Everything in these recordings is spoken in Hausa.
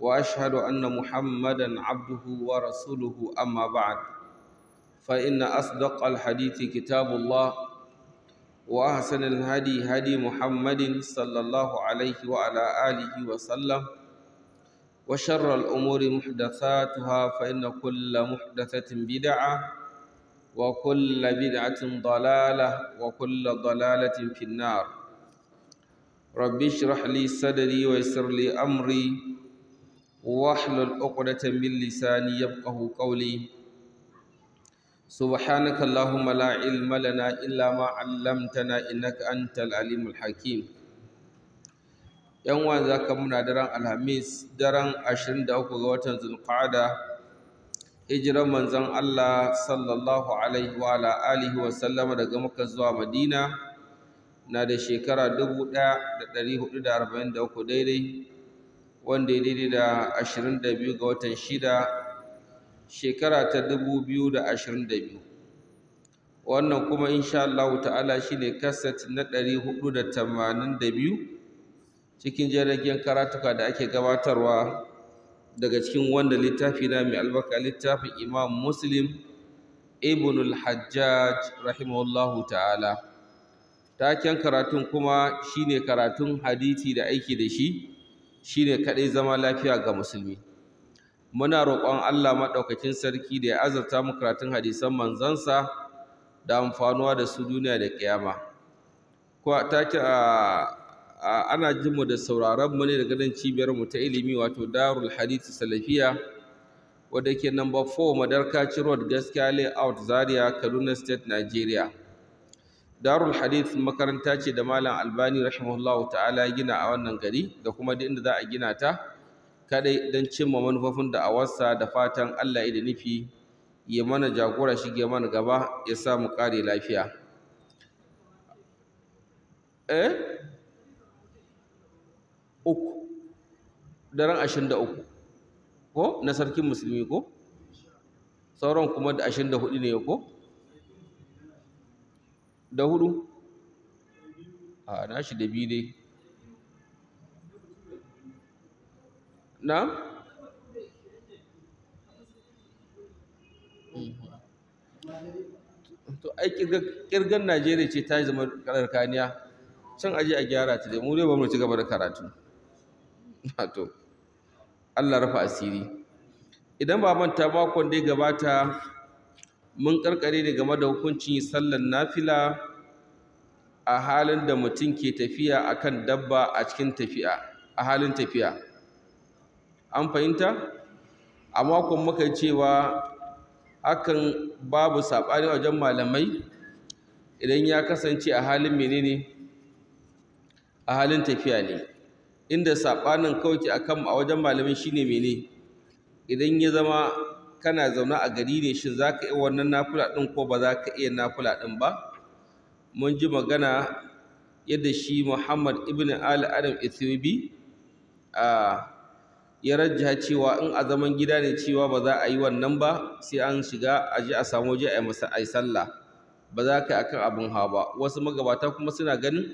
واشهد ان محمدا عبده ورسوله اما بعد فان اصدق الحديث كتاب الله واحسن الهدي هدي محمد صلى الله عليه وعلى اله وسلم وشر الامور محدثاتها فان كل محدثه بدعه وكل بدعه ضلاله وكل ضلاله في النار رب اشرح لي صدري ويسر لي امري واحلل عقدة من لساني يفقه قولي سبحانك اللهم لا علم لنا إلا ما علمتنا إنك أنت العليم الحكيم yan wan za ka muna daren alhamis daren 23 ga watan zulqa'ada hijiran manzon Allah sallallahu alaihi wa ala alihi wa sallama daga Makka zuwa Madina na da shekara 1443 daidai wanda ya daidai da 22 ga watan shida shekara ta 2022 wannan kuma insha Allah ta'ala ne kasat na 482 cikin jiragen karatuka da ake gabatarwa daga cikin wanda littafi na mai albarka littafin Imam Muslim Ibn al-Hajjaj rahimahullahu ta'ala taken karatun kuma shine karatun hadisi da aiki da shi Shi ne kaɗai zama lafiya ga musulmi muna roƙon Allah maɗaukakin sarki da ya azurta mu hadisan manzansa da amfanuwa da su duniya da kiyama ko ana jin da sauraron mu ne da cibiyar mu ta ilimi wato Darul Hadith Salafiya wadda ke number 4 Madarkaci Road Gaskiya Layout Zaria Kaduna State Nigeria darul hadith makaranta ce da malam albani rahimahullahu ta'ala gina a wannan gari da kuma duk inda za a gina ta kadai don cimma manufofin da awarsa da fatan allah ya da nufi ya mana jagora shige mana gaba ya samu kare lafiya eh uku daren ashirin da uku ko na sarkin musulmi ko sauran kuma da ashirin da hudu ne ko da hudu a nashi da biyu dai na? to ai kirgan najeriya ce ta yi zama karar kaniya can aji a gyara ta dai mu dai ba mu ci gaba da karatu to allah rafa asiri idan ba manta makon da ya gabata mun karkare ne game da hukuncin sallar nafila a halin da mutum ke tafiya kan dabba a cikin tafiya a halin tafiya an fahimta a makon muka cewa hakan babu saɓani wajen malamai idan ya kasance a halin menene a halin tafiya ne inda saɓanin kawai a wajen malamin shine mene idan ya zama kana zaune a gari ne shi za ka iya wannan nafula ɗin ko ba za ka iya nafula ɗin ba mun ji magana yadda shi muhammad ibn ali adam ethiopi a ya rajja cewa in a zaman gida ne cewa ba za a yi wannan ba sai an shiga a ji a samu waje a yi sallah ba za ka yi akan abin hawa ba wasu magabata kuma suna ganin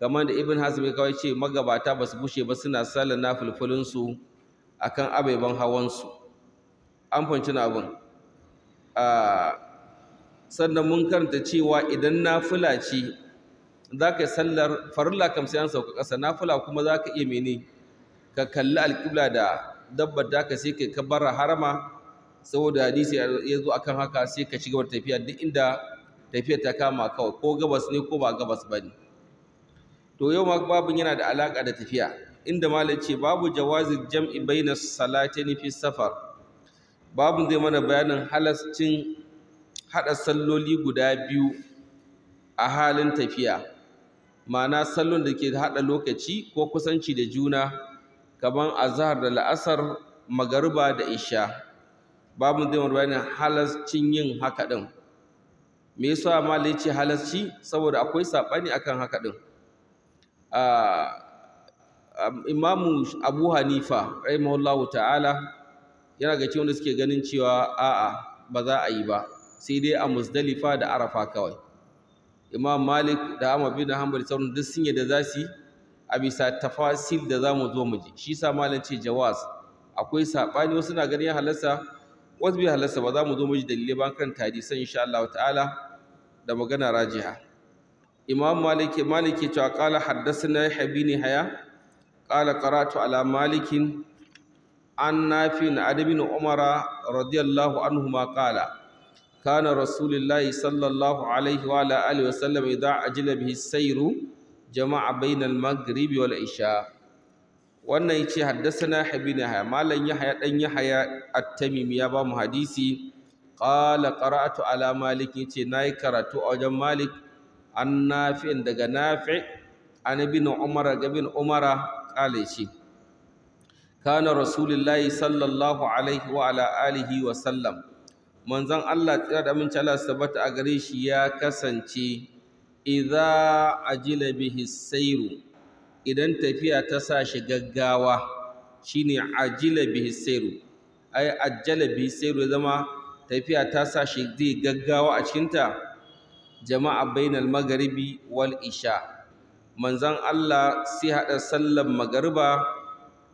kamar da ibn Hasim ya kawai ce magabata ba su bushe ba suna sallar na fulfulinsu akan ababen hawansu an fahimci na abin sannan mun karanta cewa idan fula ce za ka yi sallar farilla kam sai an sauka ƙasa fula kuma za ka iya mene ka kalli alƙibla da dabbar da ka sai ka kabara harama saboda hadisi ya zo akan haka sai ka shiga tafiya duk inda tafiya ta kama kawai ko gabas ne ko ba gabas ba ne to yau ma babin yana da alaƙa da tafiya inda malam ce babu jawazin jam'i bainas salatin fi safar Babu zai mana bayanin halascin haɗa salloli guda biyu a halin tafiya ma'ana sallon da ke haɗa lokaci ko kusanci da juna kamar azhar da la'asar magariba da isha babin zai mana bayanin halascin yin haka ɗin me yasa malai ce halasci saboda akwai saɓani akan haka ɗin ah, imamu abu hanifa rahimahullahu ta'ala yana ga wanda suke ganin cewa a'a ba za a yi ba sai dai a musdalifa da arafa kawai imam malik da ahmad bin hanbal sauran duk sun yadda za su yi a bisa tafasil da za mu zo mu ji shi sa malam ce jawaz akwai saɓani wasu na ganin ya halarsa wasu bai halarsa ba za mu zo mu ji dalilai ba kan hadisan insha Allah ta'ala da magana rajiha imam malik malik ya ce qala haddathana habini haya qala qara'tu ala malikin an nafi na adabin umara radiyallahu anhu ma kala كان رسول الله صلى الله عليه وعلى آله وسلم إذا أجل jama'a السير جمع بين المغرب والعشاء wannan yace haddathana habina ya malan yahya dan yahya at-tamim ya ba mu hadisi qala qara'atu ala malik yace nayi karatu a wajen malik an nafi daga nafi an ibn umar ga ibn umara qala yace kana rasulullahi sallallahu alaihi wa ala alihi wa sallam manzon Allah tsira da aminci Allah sabata a gare shi ya kasance idza ajila bihi sairu idan tafiya ta sa shi gaggawa shine ajila bihi sairu ai ajjala bihi sairu zama tafiya ta sa shi zai gaggawa a cikinta jama'a bainal magharibi wal isha manzon Allah sai hada sallar magariba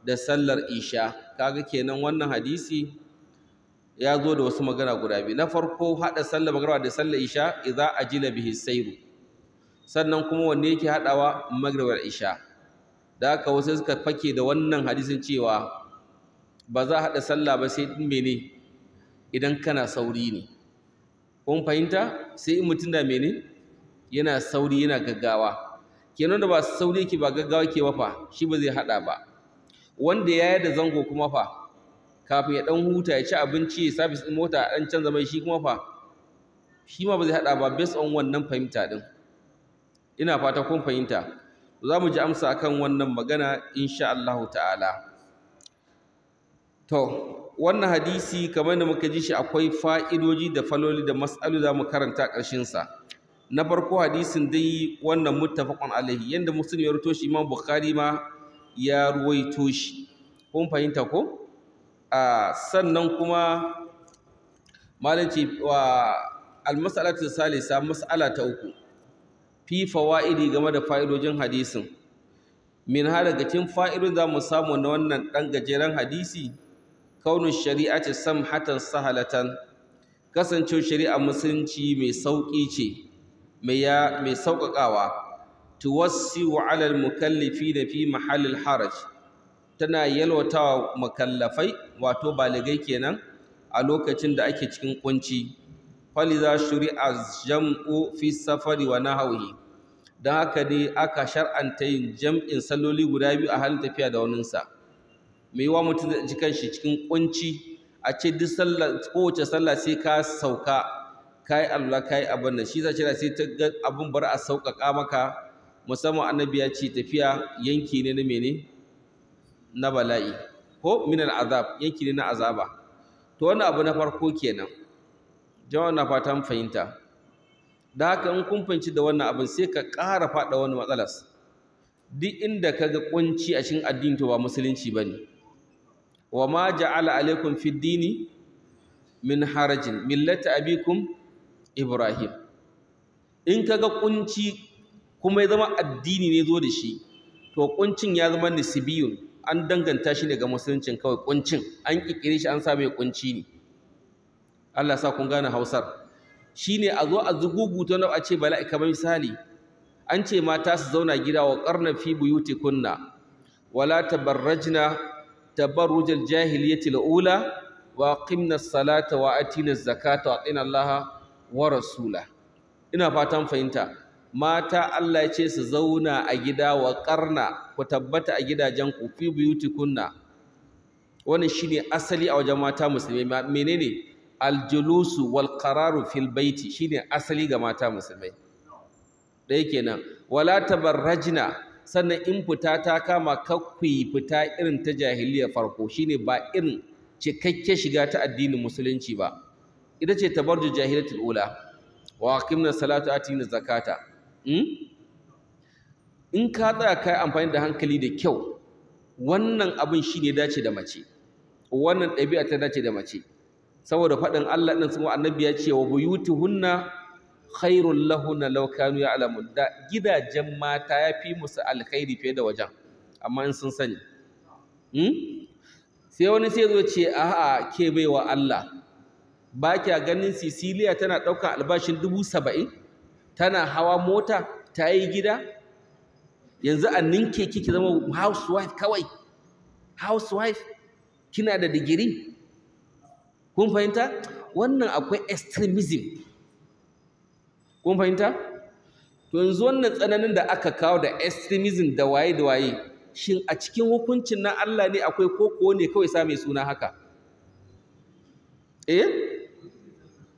da sallar isha kaga kenan wannan hadisi ya zo da wasu magana guda biyu na farko haɗa sallar magarba da sallar isha idza ajila bihi sairu sannan kuma wanne yake haɗawa da isha da haka wasu suka fake da wannan hadisin cewa ba za a haɗa sallah ba sai din mene idan kana sauri ne kun fahimta sai in mutum da mene yana sauri yana gaggawa kenan da ba sauri yake ba gaggawa ke ba fa shi ba zai haɗa ba wanda ya yi da zango kuma fa kafin ya ɗan huta ya ci abinci ya sabis ɗin mota a ɗan canza mai shi kuma fa shi ma ba zai haɗa ba based on wannan fahimta ɗin ina fata kun fahimta za mu ji amsa akan wannan magana insha Allah ta'ala to wannan hadisi kamar da muka ji shi akwai fa'idoji da faloli da mas'alu za mu karanta ƙarshen sa. na farko hadisin dai wannan muttafaqun alaihi yanda muslim ya ruto shi imam bukhari ma ya ruwaito shi kun fahimta ko a sannan kuma malanci wa almas'alatu salisa mas'ala ta uku fi fawaidi game da fa'idojin hadisin min har daga cikin fa'idun za mu samu na wannan dan gajeren hadisi kaunun shari'ati samhatan sahalatan kasancewar shari'a musulunci mai sauƙi ce mai sauƙaƙawa tuwassiu ala da fi mahallin haraj tana wa makallafai wato baligai kenan a lokacin da ake cikin kunci faliza a jam'u fi safari wa na nahwihi don haka ne aka shar'anta yin jam'in saloli guda biyu a halin tafiya da waninsa me wa mutum da jikan shi cikin kunci a ce duk sallah kowace sallah sai ka sauka kai Allah kai abin nan shi a ce sai ta abin bar a sauƙaƙa maka musamman annabi ya ce tafiya yanki ne na mene na bala'i ko minar azab yanki ne na azaba to wani abu na farko kenan jama'a na fatan fahimta da haka in kumfanci da wannan abin sai ka ƙara faɗa wani matsalas duk inda ka ga kunci a cikin addini to ba musulunci ba ne. wa ma ja'ala alaikum fi dini min harajin millata abikum ibrahim in ka ga kunci kuma ya zama addini ne zo da shi to kuncin ya zama nisibiyun an danganta shi ga musuluncin kawai kuncin an kikire shi an sa mai kunci ne Allah sa kun gane Hausar shine a zo a zugugu ta nau'a ce bala'i kamar misali an ce mata su zauna gida wa qarna fi kunna. wala tabarrajna tabarrujal jahiliyyati al-ula wa qimna salata wa atina zakata wa qina allaha wa rasula ina fatan fahimta mata Allah ya ce su zauna a gida wa ƙarna ku tabbata a gidajen ku fi kunna. wannan shine asali a wajen mata musulmai menene aljulusu wal qararu fil baiti shine asali ga mata musulmai dai kenan wala tabarrajna sannan in fita ta kama kakkui fita irin ta jahiliya farko shine ba irin cikakke shiga ta addinin musulunci ba ita ce tabarju jahilatul ula wa aqimna salata atina zakata Hmm? in ka tsaya ka yi amfani da hankali da kyau wannan abin shi ne dace da mace wannan ɗabi'a ta dace da mace saboda faɗin Allah ɗin sun annabi ya ce wa hunna, khairul lahunna laukanu ya alamu da gidajen mata ya fi musu alkhairi fiye da wajen amma in sun sani hmm? sai wani sai zo ce a'a ke baiwa Allah ba kya ganin Sicilia tana ɗaukar albashin dubu saba'in tana hawa mota ta yi gida yanzu a ninke kiki zama housewife kawai housewife kina da digiri kun fahimta wannan akwai extremism kun fahimta to yanzu wannan tsananin da aka kawo da extremism da waye da waye shin a cikin hukuncin na Allah ne akwai koko ne kawai sa mai suna haka eh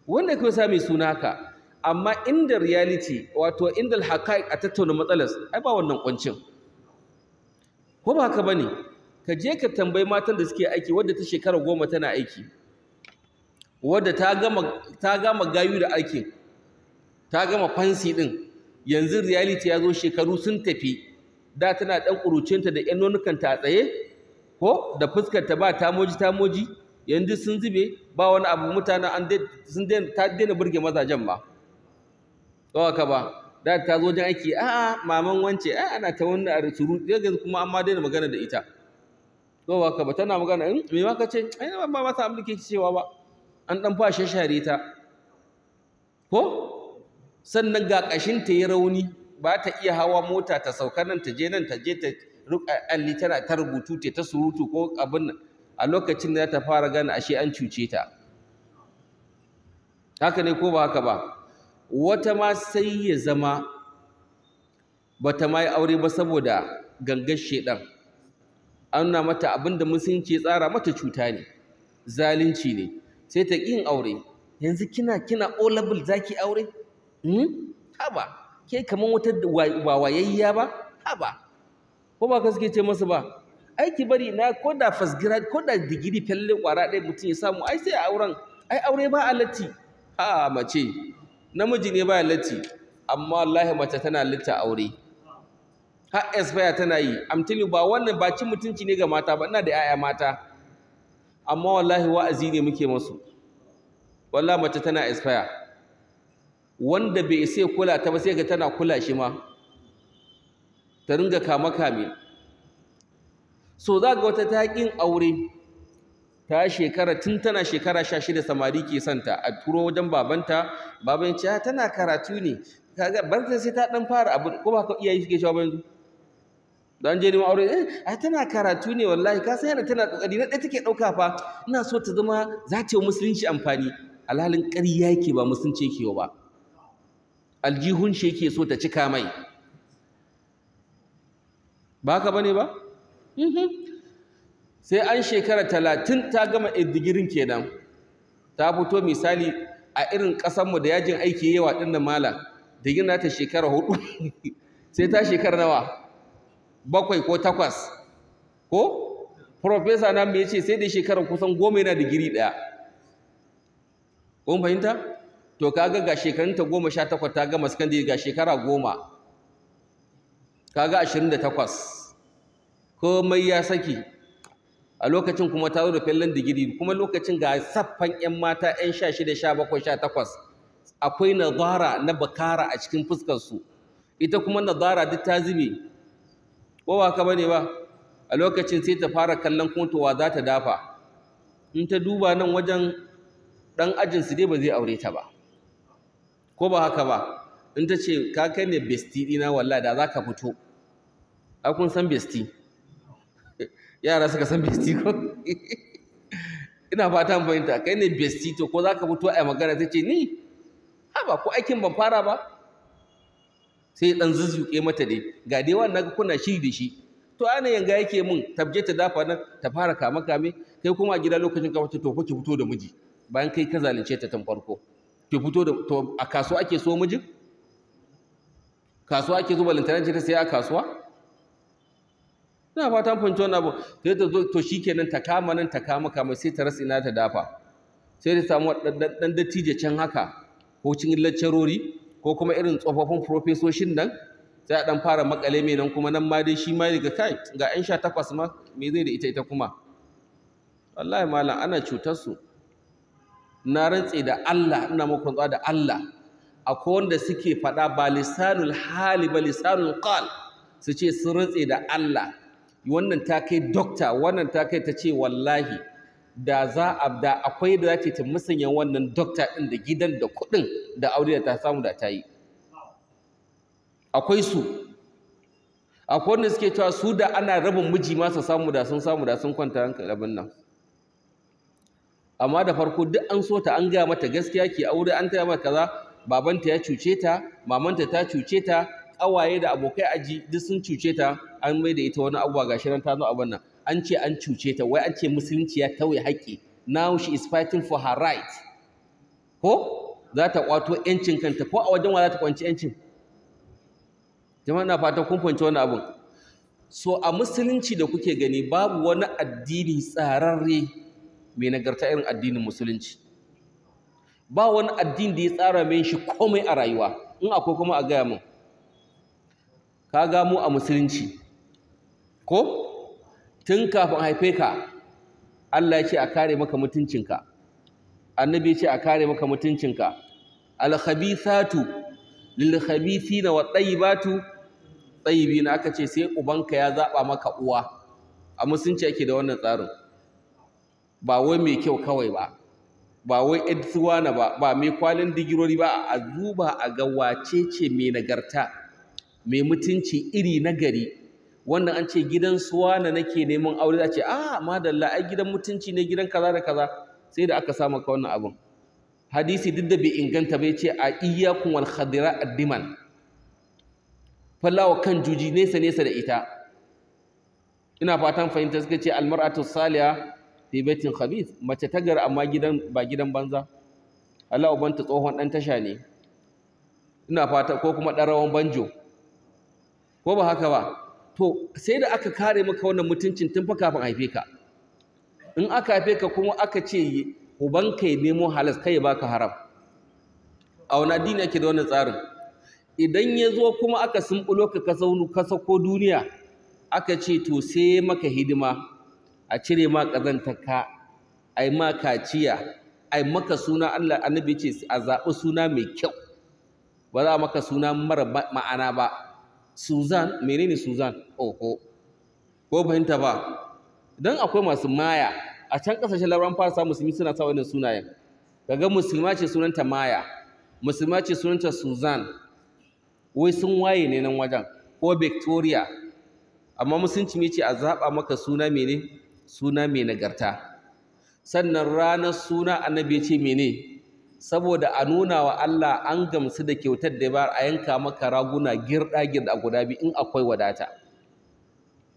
wanda kawai sa mai suna haka amma inda reality wato inda alhaqaiq a tattauna matsalar ai ba wannan kuncin ko ba haka bane ka je ka tambayi matan da suke aiki wadda ta shekara goma tana aiki wadda ta gama ta gayu da aikin ta gama fansi din yanzu reality ya zo shekaru sun tafi da tana dan kurucinta da 'yan ta a tsaye ko da fuskar ta ba tamoji tamoji yanzu sun zube ba wani abu mutanen an sun ta daina burge mazajen ba ba ka ba da ta zo wajen aiki a'a maman wance a'a ana ta wani a rusuru yanzu kuma an ma daina magana da ita ba ka ba tana magana in hmm, me ma ka ce ai ba ma sa abin ke cewa ba an dan fa shashare ta ko sannan ga kashin ta yi rauni ba ta iya hawa mota ta sauka nan ta je nan ta je ta alli tana ta rubutu ta ta surutu ko abin nan a lokacin da ta fara gane ashe an cuce ta haka ne ko ba haka ba wata ma sai ya zama bata ma yi aure ba saboda gangar shedan an nuna mata abinda musulunci ya tsara mata cuta ne zalunci ne sai ta ƙin aure yanzu kina kina olabul zaki aure hmm? haba ke kaman wata ba wayayya ba haba ko ba ka suke ce masa ba aiki bari na ko da fasgira ko da digiri fellin kwara ɗaya mutum ya samu ai sai auren ai aure ba a latti a mace namiji ne baya latti amma wallahi mace tana lita aure har baya tana yi amtili ba wannan ba cin mutunci ne ga mata ba ina da yaya mata amma wallahi wa'azi ne muke musu wallahi mace tana baya wanda bai sai kula ta ba sai ga tana kula shi ma ta ringa kama kame so za ga wata ta aure ta shekara tun tana shekara sha shida samari ke santa a turo wajen babanta baban ya ah, tana karatu ne kaga barta sai ta dan fara abu ko ba ka iyaye suke cewa ba yanzu dan je neman aure eh ai tana karatu ne wallahi ka san yana tana kokari na dai take dauka fa ina so ta zama za ta yi musulunci amfani alhalin ƙarya yake ba musulunci yake ba aljihun shi yake so ta cika mai ba ka bane ba mhm. sai an shekara talatin ta gama digirin kenan ta fito misali a irin ƙasanmu da yajin aiki yawa ɗin da mala digin na ta shekara hudu sai ta shekara nawa bakwai ko takwas ko profesa na mai ce sai da shekara kusan goma yana digiri ɗaya kun fahimta to kaga ga shekarunta goma sha takwas ta gama sukan ga shekara goma kaga ashirin da takwas komai ya saki a lokacin kuma ta zo da fallon digiri kuma lokacin ga saffan 'yan mata 'yan sha shida sha bakwai sha takwas akwai nazara na bakara a cikin fuskarsu ita kuma nazara duk ta zube ko ka bane ba a lokacin sai ta fara kallon kuntowa za ta dafa in ta duba nan wajen ɗan ajinsu dai ba zai aure ta ba ko ba haka ba in ta ce ka kai ne besti dina walla da za ka fito a kun san besti yara suka san besti ko ina fata mu fahimta kai ne besti to ko za ka fito a magana ta ce ni haba ko aikin ban fara ba sai dan zuzzuke mata dai ga dai wannan kuna shi da shi to ana yanga yake mun tabje ta dafa nan ta fara kame kame kai kuma a gida lokacin ka to ko ki fito da miji bayan kai ka zalunce ta tun farko ki fito da to a kasuwa ake so mijin kasuwa ake zuba lantaran ce ta sai a kasuwa ina fatan fahimci wannan abu sai ta zo to shikenan ta kama nan ta kama kama sai ta rasa ina ta dafa sai ta samu dan dattijo can haka ko cin laccarori ko kuma irin tsofaffin profesoshin nan sai a dan fara makale mai nan kuma nan ma dai shi ma daga kai ga yan sha takwas ma me zai da ita ita kuma wallahi malam ana cutar su na rantse da Allah ina muku rantsuwa da Allah akwai wanda suke faɗa ba lisanul hali ba lisanul qal su ce sun rantse da Allah wannan ta kai dokta wannan ta kai ta ce wallahi da za a da akwai da za ta musanya wannan dokta ɗin da gidan da kuɗin da aure da ta samu da ta yi akwai su akwai wanda suke cewa su da ana rabin miji ma su samu da sun samu da sun kwanta hankali abin nan amma da farko duk an so ta an gaya mata gaskiya ke aure an taya mata kaza babanta ya cuce ta mamanta ta cuce ta ƙawaye da abokai aji duk sun cuce ta an mai da ita wani abuwa gashi nan ta zo abin nan an ce an cuce ta wai an ce musulunci ya tauye haƙƙi now she is fighting for her right ko za ta kwato yancin kanta ko a wajen wa za ta kwanci yancin jama'a na fatan kun fahimci wannan abin so a musulunci da kuke gani babu wani addini tsararre mai nagarta irin addinin musulunci ba wani addini da ya tsara mai shi komai a rayuwa in akwai kuma a gaya mun. ka ga a musulunci ko tun kafin haife ka Allah ya ce a kare maka mutuncinka annabi ya ce a kare maka mutuncinka al-khabithatu lil-khabithina tayyibatu tayyibina aka ce sai ubanka ya zaba maka uwa a musunci yake da wannan tsarin ba wai mai kyau kawai ba ba wai edsuwana ba ba mai kwalin digirori ba a zuba a ga wacece mai nagarta mai mutunci iri nagari wannan an ce gidan suwa na nake neman aure a ce a ah, madalla ai gidan mutunci ne gidan kaza da kaza sai da aka samu ka wannan abun hadisi duk da bai inganta bai ce a iyyakum wal khadira addiman fallawa kan juji nesa nesa da ita ina fatan fahimta suka ce almar'atu salia fi baitin khabith mace tagar amma gidan ba gidan banza Allah ubanta tsohon dan tasha ne ina fata ko kuma ɗan rawan banjo ko ba haka ba to sai da aka kare maka wannan mutuncin tun fa kafin haife ka in aka haife ka kuma aka ce ubanka ya nemo halas kai ya baka haram a wani addini ake da wannan tsarin idan ya zo kuma aka sumbulo ka ka zaunu ka sako duniya aka ce to sai maka hidima a cire ma ƙazantarka a ma kaciya a maka suna Allah annabi ce a zabi suna mai kyau ba za a maka suna mara ma'ana ba Suzan menene Suzan oho ko fahimta ba dan akwai masu maya a can kasashen lauran fasa musulmi suna sa wannan sunayen kaga musulma ce sunanta maya musulma ce sunanta Suzan wai sun waye ne nan wajen ko Victoria amma musulunci ne ce a zaɓa maka suna mene suna mai nagarta sannan ranar suna annabi ce mene saboda a nuna wa Allah an gamsu da kyautar da ba a yanka maka raguna girda girda guda biyu in akwai wadata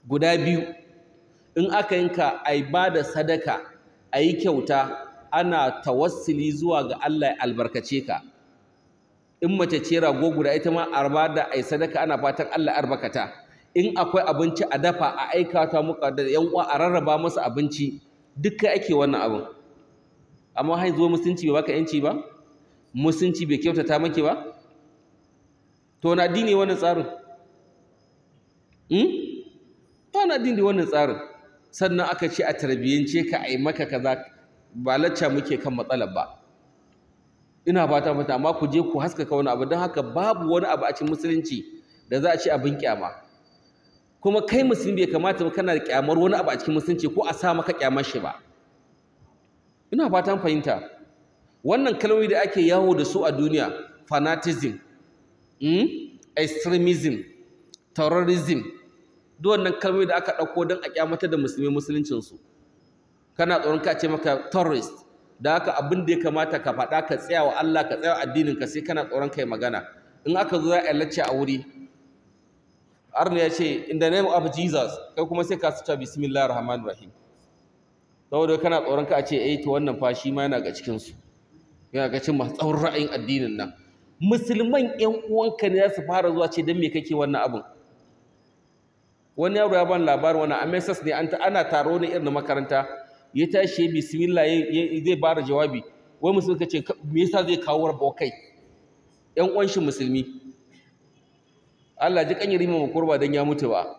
guda biyu in aka yanka ai ba da sadaka a yi kyauta ana tawassili zuwa ga Allah ya albarkace ka in mace ce rago guda ita ma ba da a yi sadaka ana fatan Allah ya albarkata in akwai abinci a dafa a aika ta muka da yan uwa a rarraba musu abinci duka ake wannan abin amma har zuwa musulunci bai baka yanci ba musulunci bai kyautata maki ba to na addini wannan tsarin hmm? to wani addini wannan tsarin sannan aka ce a tarbiyyance ka a yi maka kaza ba lacca muke kan matsalar ba ina fata mata amma ku je ku haskaka wani abu don haka babu wani abu a cikin musulunci da za a ce abin kyama kuma kai musulmi bai kamata kana da kyamar wani abu a cikin musulunci ko a sa maka kyamar shi ba ina fatan fahimta wannan kalmomi da ake yawo da su a duniya fanatism hmm, extremism terrorism duk wannan kalmomi da aka ɗauko don a kyamata da musulmi musuluncinsu kana tsoron ka ce maka terrorist da haka abin da ya kamata ka faɗa ka tsaya wa Allah ka tsaya addinin ka, sai kana tsoron kai magana in aka zo za a lacce a wuri arna ya ce in the name of jesus kai kuma sai ka suta bismillahir rahmanir rahim saboda kana tsoron ka a ce eh to wannan fa shi ma yana ga cikin su yana ga cikin masu tsawon ra'ayin addinin nan musulman ƴan uwanka ne za su fara zuwa ce dan me kake wannan abin wani yaro ya bani labarin wani amesas ne an ana taro ne irin makaranta ya tashi ya bismillah zai bara jawabi wai musulmi ka ce me yasa zai kawo rabo kai ƴan uwan shi musulmi Allah ji kan yi rima kurba dan ya mutu ba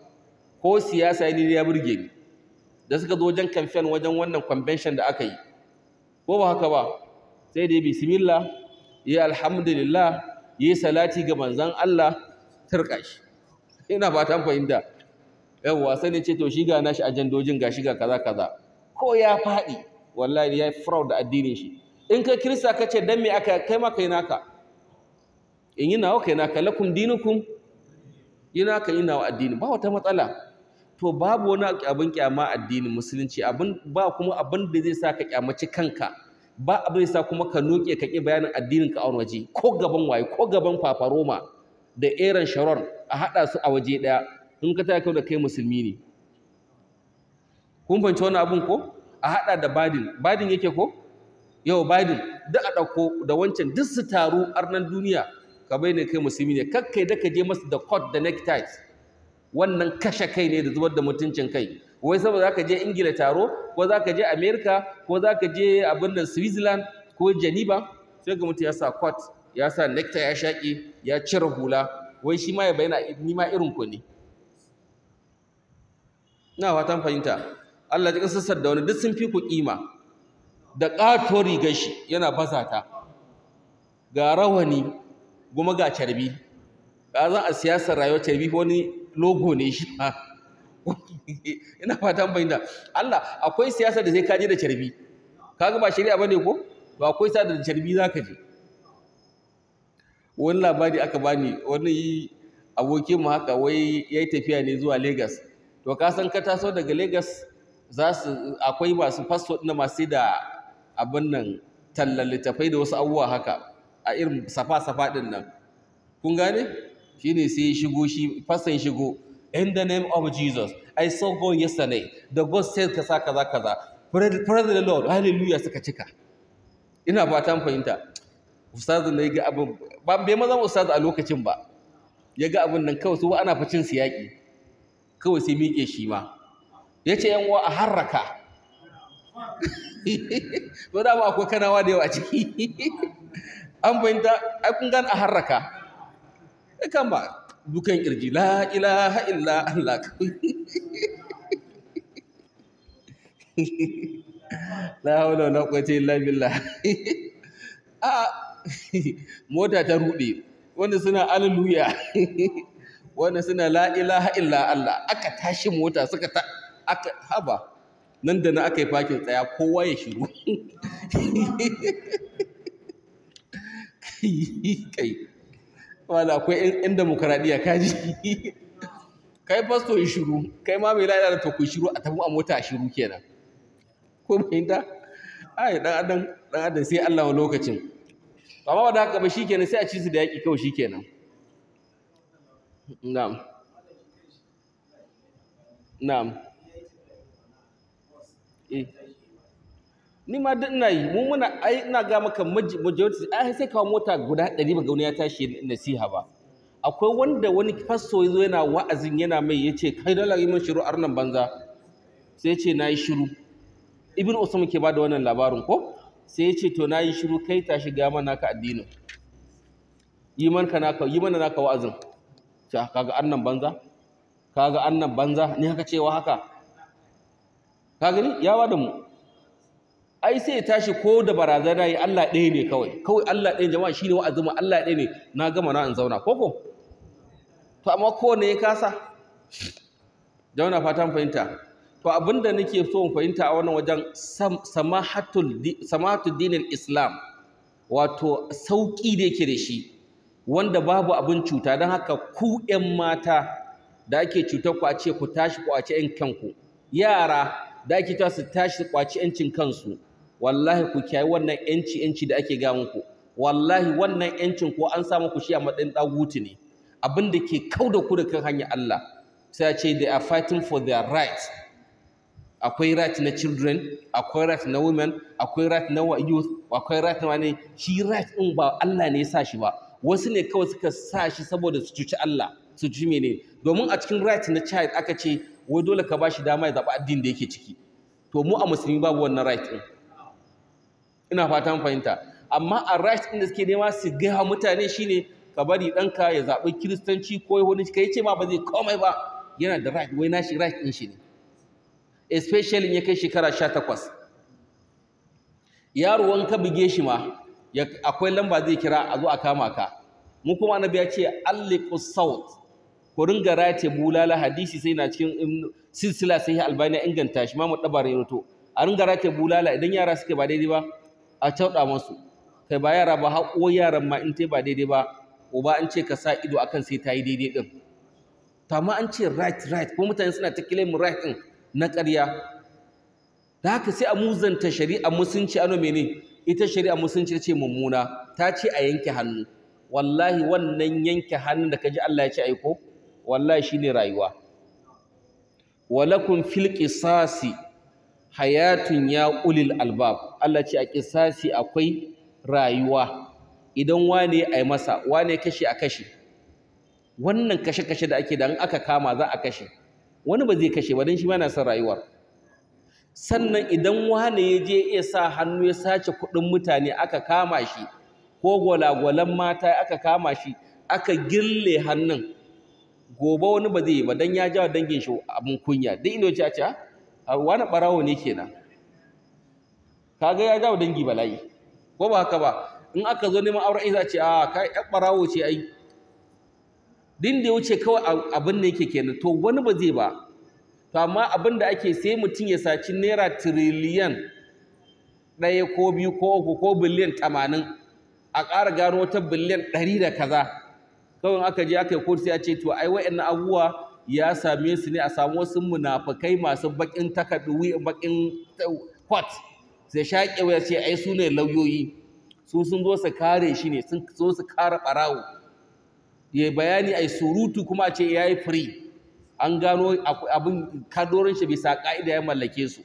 ko siyasa ne ya burge ni da suka zo wajen kamfen wajen wannan convention da aka yi ko ba haka ba sai da ya bismillah ya alhamdulillah ya yi salati ga manzan Allah turka shi ina fatan fahimta yawwa sai ne ce to shi ga nashi ajandojin ga shi ga kaza kaza ko ya faɗi wallahi ya fraud da addinin shi in ka kirista ka ce dan me aka kai ma kai in yi nawa kai naka lakum dinukum yi naka yi nawa addini ba wata matsala to babu wani abin kyama addinin musulunci abin ba kuma abin da zai sa ka kyamaci kanka ba abin da sa kuma ka noke ka ki bayanin addinin ka a waje ko gaban waye ko gaban fafaroma da eran sharon a haɗa su a waje ɗaya in ka taya da kai musulmi ne kun fahimci wani abin ko a haɗa da badin badin yake ko yau badin duk a dauko da wancan duk su taru arnan duniya ka bai ne kai musulmi ne kakkai da ka je masu da court da neckties wannan kashe kai ne da zubar da mutuncin kai wai saboda zaka je ingila taro ko zaka je america ko ka je abin nan switzerland ko geneva sai ga mutum ya sa kwat, ya sa nekta, ya shaƙi ya cire hula wai shi ma ya bayyana ni ma irin ku ne na watan fahimta Allah ya kasassar da wani duk sun fi ku kima da ƙatuwar rigar shi yana fasa ta ga rawani kuma ga carbi ga za a siyasar rayuwar carbi wani logo ne shi ma ina fatan bayyana Allah akwai siyasa da zai kaje da charbi kaga ba shari'a bane ko ba akwai sada da charbi zaka je wani labari aka bani wani aboki mu haka wai yayi tafiya ne zuwa Lagos to ka san ka taso daga Lagos za su akwai masu passport na masu da abin nan tallan littafai da wasu abubuwa haka a irin safa-safa din nan kun gane Shi ne sai ya shigo shi fasan shigo in the name of Jesus I saw God yesterday the God said kaza kaza kaza praise the Lord hallelujah suka cika ina fatan fahimta ustaz ne ga abin ba bai mazan ustaz a lokacin ba ya ga abin nan kawai su ana su siyaki kawai sai miƙe shi ma ya ce yan uwa a harraka ba da ba akwai kanawa da yawa a ciki an fahimta ai kun gan a harraka kan ba dukan kirji la ilaha illa Allah la haula wala quwwata illa billah a mota ta rude wanda suna haleluya wanda suna la ilaha illa Allah aka tashi mota suka ta aka haba nan da na aka yi fakin tsaya kowa ya shiru kai kai wala akwai yan demokaradiyya kaji kai fasto yi shiru kai ma mai lada da to ku shiru a tafi a mota a shiru kenan ko fahimta ai dan adam dan adam sai Allah wa lokacin amma wanda da haka ba shikenan sai a ci su da yaki kawai shikenan na'am na'am eh ni ma duk ina yi mu muna ai ina ga maka majority ai sai kawo mota guda ɗari ba ya tashi nasiha ba akwai wanda wani fasto yazo yana wa'azin yana mai ya ce kai dala yi min shiru arnan banza sai yace ce na yi shiru ibnu usman ke bada wannan labarin ko sai yace ce to na yi shiru kai tashi ga mana ka addinin yi manka naka yi mana naka wa'azin ta ah, kaga arnan banza kaga arnan banza ni haka cewa haka ka gani ya bada mu ai sai ya tashi ko da barazana yi Allah ɗaya ne kawai kawai Allah ɗaya jama'a shi ne wa'azuma Allah ɗaya ne na gama na in zauna koko to amma kowane ya kasa jauna fatan fahimta to abinda nake so in fahimta a wannan wajen samahatul samahatul islam wato sauki da yake da shi wanda babu abin cuta don haka ku ƴan mata da ake cutar ku a ce ku tashi ku a ce ƴan kanku yara da ake ta su tashi su kwaci ƴancin kansu wallahi ku kiyaye wannan yanci yanci da ake ga muku wallahi wannan yancin ko an samu ku shi a matsayin daguti ne abin da ke kauda ku da kan hanya Allah sai ya ce they are fighting for their rights akwai right na children akwai right na women akwai right na youth akwai right na wani shi right din ba Allah ne ya sa shi ba wasu ne kawai suka sa shi saboda su cuci Allah su cuci mene domin a cikin right na child aka ce wai dole ka ba dama ya zaɓi addini da yake ciki to mu a musulmi babu wannan right din ina fatan fahimta amma a right din da suke nema su gaya mutane shine ka bari ɗanka ya zaɓi kiristanci ko wani ka yi ce ma ba zai komai ba yana da right wai nashi right ɗin shi ne especially ya kai shekara sha takwas yaro wanka buge shi ma akwai lamba zai kira a zo a kama ka mu kuma annabi ya ce alliqu saut ku ringa rate bulala hadisi sai na cikin silsila sai albani inganta shi ma mu dabare roto a ringa rate bulala idan yara suke ba daidai ba a tauɗa masu kai ba yara ba haƙo yaran ma in ta ba daidai ba uba an ce ka sa ido akan sai ta yi daidai ɗin to amma an ce right right ko mutane suna ta mu right ɗin na ƙarya da haka sai a muzanta shari'a musunci ano mene ita shari'a musunci ta ce mummuna ta ce a yanke hannu wallahi wannan yanke hannun da ka ji Allah ya ce aiko wallahi shine rayuwa walakum fil qisasi hayatun ya ulil albab Allah ce a ƙisasi akwai rayuwa idan wane yi masa wane kashe a kashe wannan kashe-kashe da ake da aka kama za a kashe wani ba zai kashe ba don shi ma na son rayuwar sannan idan wane ya je iya sa hannu ya sace kuɗin mutane aka kama shi ko gwalagwalan mata aka kama shi aka girle hannun gobe wani ba zai yi ba don ya jawa dangin shi abin kunya duk inda ya ce a ah, wani barawo ne kenan kaga ya jawo dangi bala'i ko ba haka ba in aka zo neman auren isa ce a kai ɗan ɓarawo ce ai din da ya wuce kawai abin da yake kenan to wani ba zai ba to amma abin da ake sai mutum ya saci naira tiriliyan ɗaya ko biyu ko uku ko biliyan tamanin a ƙara gano wata biliyan ɗari da kaza kawai aka je aka yi kotu sai a ce to ai wa'annan abubuwa ya same su ne a samu wasu munafukai masu bakin takardu bakin kwat sai shaƙe ya ce ai su ne lauyoyi su sun zo su kare shi ne sun zo su kare ɓarawo ya bayani ai surutu kuma a ce ya yi firi. an gano abin kadorin shi bisa ƙa'ida ya mallake su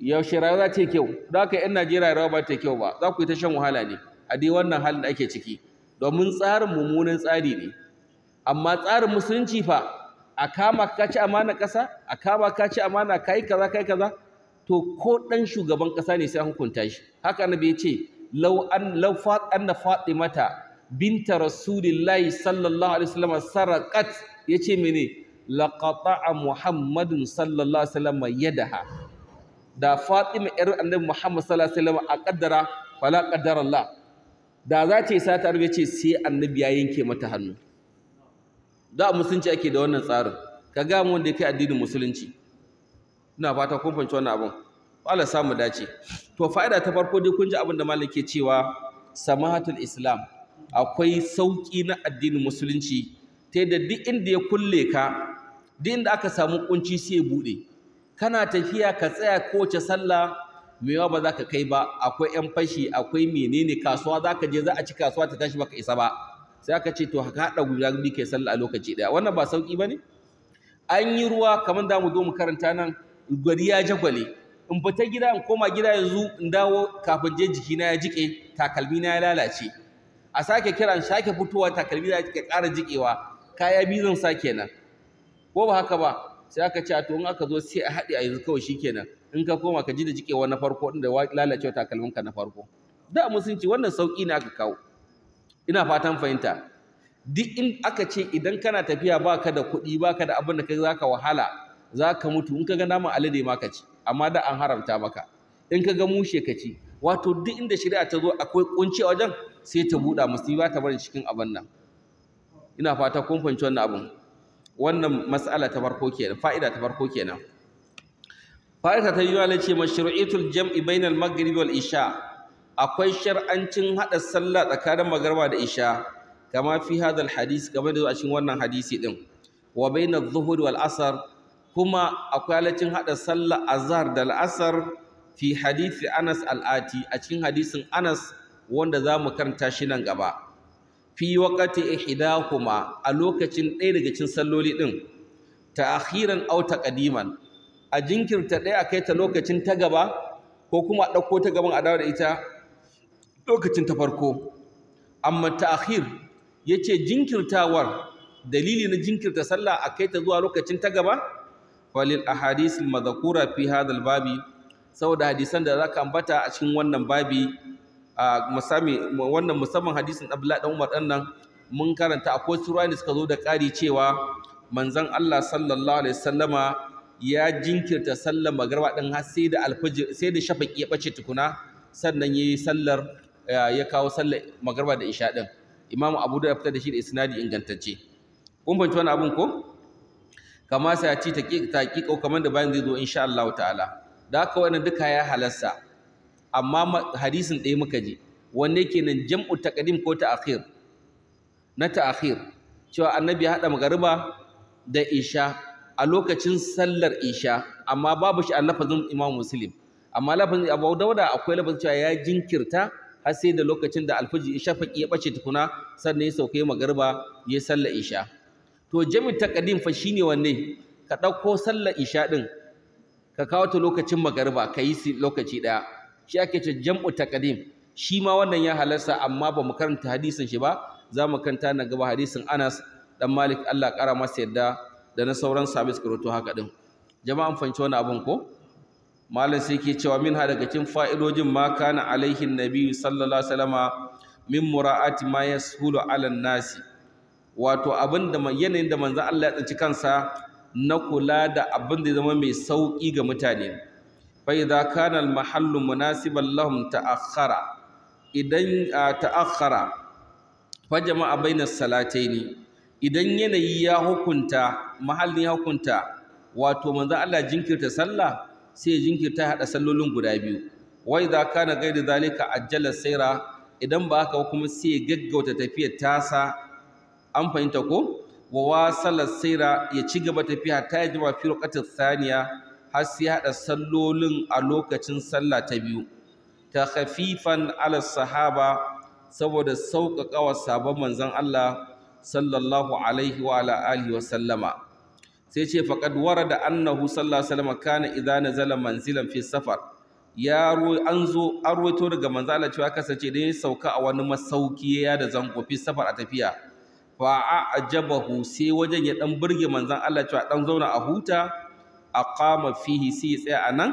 yaushe rayuwa ce kyau da haka 'yan najeriya rawa ba ta kyau ba za ku yi ta shan wahala ne a dai wannan halin da ake ciki domin tsarin mummunan tsari ne amma tsarin musulunci fa a kama ka ci amana ƙasa a kama ka ci amana kai kaza kai kaza to ko dan shugaban ƙasa ne sai hukunta shi haka annabi ya ce law an law fat anna fatimata binta rasulillahi sallallahu alaihi wasallam sarqat yace mene laqata'a muhammadun sallallahu alaihi wasallam yadaha da fatima yar annabi muhammad sallallahu alaihi wasallam a kaddara fala qaddara Allah da za ce sata annabi ce sai annabi ya yanke mata hannu da musulunci ake da wannan tsarin ka ga mu wanda ya kai addinin musulunci ina fata kun fahimci wannan abin Allah samu dace to fa'ida ta farko dai kun ji abin da malam ke cewa samahatul islam akwai sauki na addinin musulunci ta da duk inda ya kulle ka duk inda aka samu kunci sai ya bude kana tafiya ka tsaya kowace sallah mewa ba za ka kai ba akwai yan fashi akwai menene kasuwa za ka je za a ci kasuwa ta tashi baka isa ba sai aka ce to haka haɗa guda biyu kai sallah a lokaci ɗaya wannan ba sauƙi ba ne an yi ruwa kamar da mu zo mu karanta nan gari ya jagwale in fita gida in koma gida yanzu in dawo kafin je jiki na ya jiƙe takalmina ya lalace a sake kiran sake fitowa takalmina ya ƙara jikewa, kaya biyu zan sa kenan ko ba haka ba sai aka ce to in aka zo sai a haɗe a yanzu kawai shi kenan in ka koma ka ji da jikewa na farko da lalacewa takalmin ka na farko da musunci wannan sauƙi ne aka kawo ina fatan fahimta duk in aka ce idan kana tafiya baka da kuɗi baka da abin da kai zaka wahala zaka mutu in ka ga naman alade ma ka ci amma da an haramta maka in ka ga mushe ka ci wato duk inda shari'a ta zo akwai kunci a wajen sai ta buɗa musu ba ta bari cikin abin nan ina fata kun fahimci wannan abin wannan mas'ala ta farko kenan fa'ida ta farko kenan fa'ida ta yi wa ce mashru'itul jam'i bainal maghrib wal isha akwai shar'ancin haɗa sallah tsakanin magarba da isha kama fi hadal hadisi game da a cikin wannan hadisi din wa baina dhuhur wal asr kuma akwai halacin haɗa sallah azhar da al'asar fi hadisi Anas al'ati a cikin hadisin Anas wanda za mu karanta shi nan gaba fi waqati ihdahuma a lokacin ɗaya daga cikin salloli din akhiran aw taqdiman a jinkirta ɗaya akai ta lokacin ta gaba ko kuma a ɗauko ta gaban a da ita lokacin ta farko amma ta'khir yace jinkirtawar dalili na jinkirta sallah a kai ta zuwa lokacin ta gaba walil ahadith al madhkura fi hadha al babi saboda hadisan da zaka ambata a cikin wannan babi a musami wannan musamman hadisin Abdullahi dan Umar dan nan mun karanta akwai suruwa da suka zo da ƙari cewa manzon Allah sallallahu alaihi wasallama ya jinkirta sallar magarba din har sai da alfajir sai da shafaki ya bace tukuna sannan yayi sallar ya kawo sallar magarba da isha ɗin imamu abu da fitar da shi da isnadi ingantacce kun banci wani abun ko kama sai ya ci taqiqa kamar da bayan zai zo insha Allah ta'ala da haka wannan duka ya halarsa amma hadisin ɗaya muka ji wanne nan jam'u taqdim ko ta'khir na ta'khir cewa annabi ya hada magariba da isha a lokacin sallar isha amma babu shi a lafazin imam muslim amma lafazin abu dauda akwai lafazin cewa ya jinkirta har sai da lokacin da alfiji alfaji shafaqi ya bace tukuna sannan ya sauke magarba ya salla isha to jami kadim fa shine wanne ka ɗauko sallar isha ɗin, ka kawo ta lokacin magarba ka yi lokaci daya shi ake ce jam'u kadim shi ma wannan ya halarsa amma ba mu karanta hadisin shi ba za mu karanta na gaba hadisin Anas dan Malik Allah kara masa yadda da na sauran sabis suka haka ɗin. jama'an fanci wani abun ko malam sai ke cewa min ha daga cikin fa'idojin ma kana alaihin nabiyyu sallallahu alaihi wasallama min mura'ati ma yasulu ala nasi wato abin da yanayin da manzo Allah ya tsinci kansa na kula da abin da zama mai sauki ga mutane fa idza kana al mahallu munasiban lahum ta'akhara idan ta'akhara fa jama'a bainas salataini idan yanayi ya hukunta mahallin ya hukunta wato manzo Allah jinkirta sallah sai jinkirta haɗa sallolin guda biyu wai za ka na gaida zalika jalar saira idan ba haka kuma sai gaggauta tafiyar tasa an fahimta ko wa wasalar saira ya ci gaba tafiya ta yi jima fi rukatar saniya har sai haɗa sallolin a lokacin sallah ta biyu ta hafifan ala sahaba saboda sauƙaƙawa sabon manzon Allah sallallahu alaihi wa ala wa sallama sai ce faqad da annahu sallallahu alaihi wasallam kana idza nazala manzilan fi safar ya an zo an ruwaito daga manzo Allah cewa kasance da ya sauka a wani masauki ya da zango fi safar a tafiya fa ajabahu sai wajen ya dan burge Manzan Allah cewa dan zauna a huta aqama fihi sai ya tsaya anan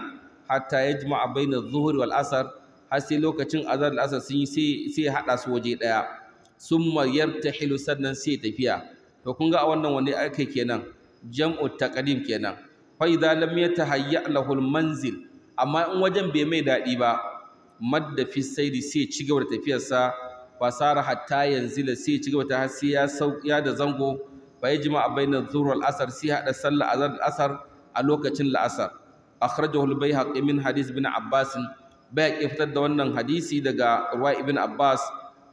hatta yajma'a baina adh-dhuhri wal asr har sai lokacin azar al asr sun sai sai hada su waje daya summa yartahilu sannan sai tafiya to kun ga a wannan wanne aka kenan jam'u taqdim kenan fa idza lam yatahayya lahu almanzil amma in wajen bai mai daɗi ba madda fi sayri sai ci gaba da tafiyarsa fasara hatta yanzila sai ci gaba ta har sai ya sauya da zango fa yajma baina dhuhr wal asr sai hada sallah azar asar a lokacin la'asar akhrajahu al bayhaqi min hadith ibn abbas bayhaqi fitar da wannan hadisi daga ruwa ibn abbas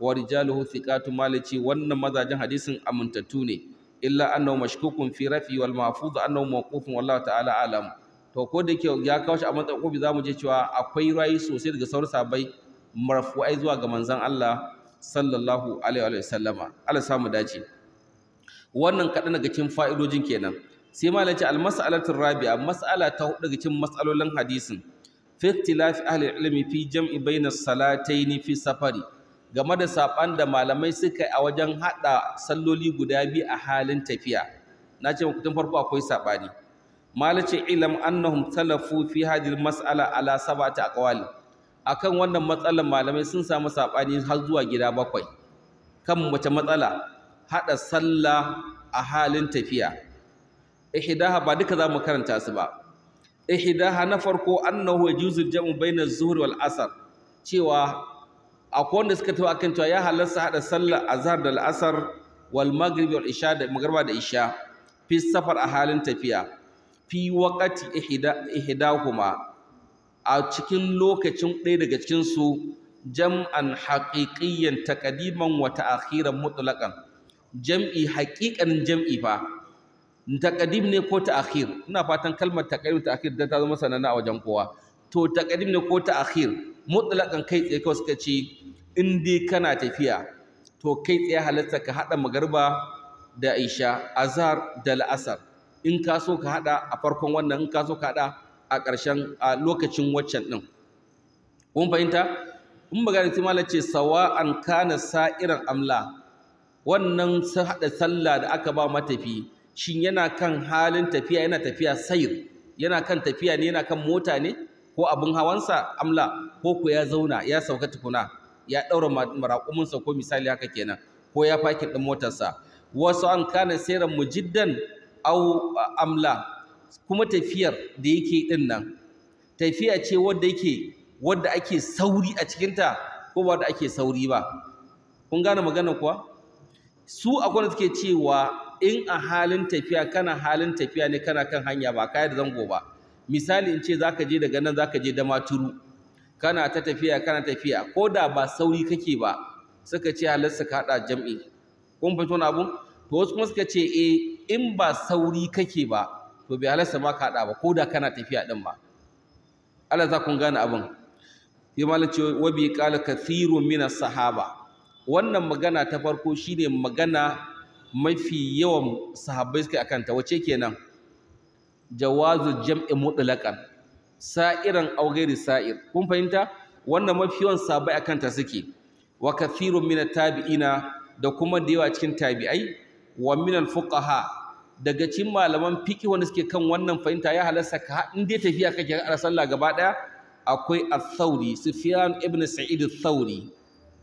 wa rijaluhu thiqatu malici wannan mazajin hadisin amintattu ne illa annahu mashkukun fi rafi wal mahfuz annahu mawqufun wallahu ta'ala alam to ko da ya kawo shi a matsayin kobi zamu je cewa akwai rayi sosai daga sauran sabai marfu'ai zuwa ga manzon Allah sallallahu alaihi wa sallama Allah dace wannan kaɗan daga cikin fa'idojin kenan sai ma lalace almas'alatu rabi'a mas'ala ta hudu daga cikin mas'alolin hadisin fi ikhtilaf ahli ilmi fi jam'i bainas salataini fi safari game da saɓan da malamai suka yi a wajen haɗa salloli guda biyu a halin tafiya na ce tun farko akwai saɓani malace ilam annahum talafu fi hadil mas'ala ala sab'ati aqwali akan wannan matsalar malamai sun samu saɓani har zuwa gida bakwai kan wace matsala haɗa sallah a halin tafiya ihdaha ba duka za mu karanta su ba ihdaha na farko annahu yajuzu jam'u baina az Walasar. wal cewa akwai wanda suka tafi akan cewa ya halarsa haɗa sallar azhar da al'asar wal maghrib wal isha da magarba da isha fi safar a halin tafiya fi waqati ihdahuma a cikin lokacin ɗaya daga cikin su jam'an haqiqiyyan taqdiman wa ta'khiran mutlaqan jam'i haqiqan jam'i fa taqdim ne ko ta'khir ina fatan kalmar taqdim ta'khir da ta zama sanana a wajen kowa to taqdim ne ko ta'khir mutlakan kai tsaye kawai suka ce in dai kana tafiya to kai tsaye halatta ka haɗa magarba da isha azhar da la'asar in ka so ka haɗa a farkon wannan in ka so ka haɗa a ƙarshen a lokacin waccan ɗin kun fahimta in magana ta mala ce an kana sa'iran amla wannan sun haɗa sallah da aka ba matafi shin yana kan halin tafiya yana tafiya sayir yana kan tafiya ne yana kan mota ne ko abin hawansa amla ko ku ya zauna ya sauka tukuna ya ɗaura sa, ko misali haka kenan ko ya faki ɗin motarsa wasu an kana sairan mujiddan au amla kuma tafiyar da yake ɗin nan tafiya ce wadda yake wadda ake sauri a cikinta ko ba ake sauri ba kun gane magana kuwa su akwai da suke cewa in a halin tafiya kana halin tafiya ne kana kan hanya ba kaya da zango ba misali in ce za ka je daga nan za ka je damaturu kana ta tafiya kana tafiya ko da ba sauri kake ba suka ce halarsa ka haɗa jam'i kun fito na abu to wasu kuma suka ce e in ba sauri kake ba to bai halarsa ma ka haɗa ba ko da kana tafiya ɗin ba Allah za kun gane abin sai malam ce wa bi qala kathirun min sahaba wannan magana ta farko shine magana mafi yawan sahabbai suka akanta wace kenan jawazu jam'i mutlaqan sa'iran aw ghairi sa'ir kun fahimta wannan mafi yawan sabai akan ta suke wa kathirun min tabi'ina da kuma da yawa cikin tabi'ai wa min fuqaha daga cikin malaman fiqh wanda suke kan wannan fahimta ya halarsa ka in dai tafiya kake ga sallah gaba daya akwai al-thawri sufyan ibn sa'id al-thawri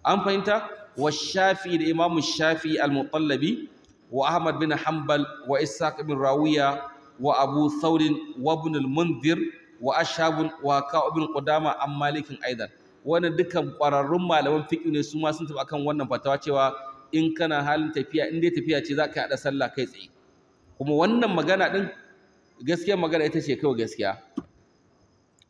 an fahimta wa shafi da imamu shafi al-mutallabi wa ahmad bin hanbal wa ishaq ibn rawiya wa abu saurin wa ibn al wa ashabun wa ka'ubin qudama an malikin aidan Wani dukan ƙwararrun malaman fiqh ne su ma sun tafi akan wannan fatawa cewa in kana halin tafiya in tafiya ce za ka haɗa sallah kai tsaye kuma wannan magana ɗin gaskiya magana ita ce kawai gaskiya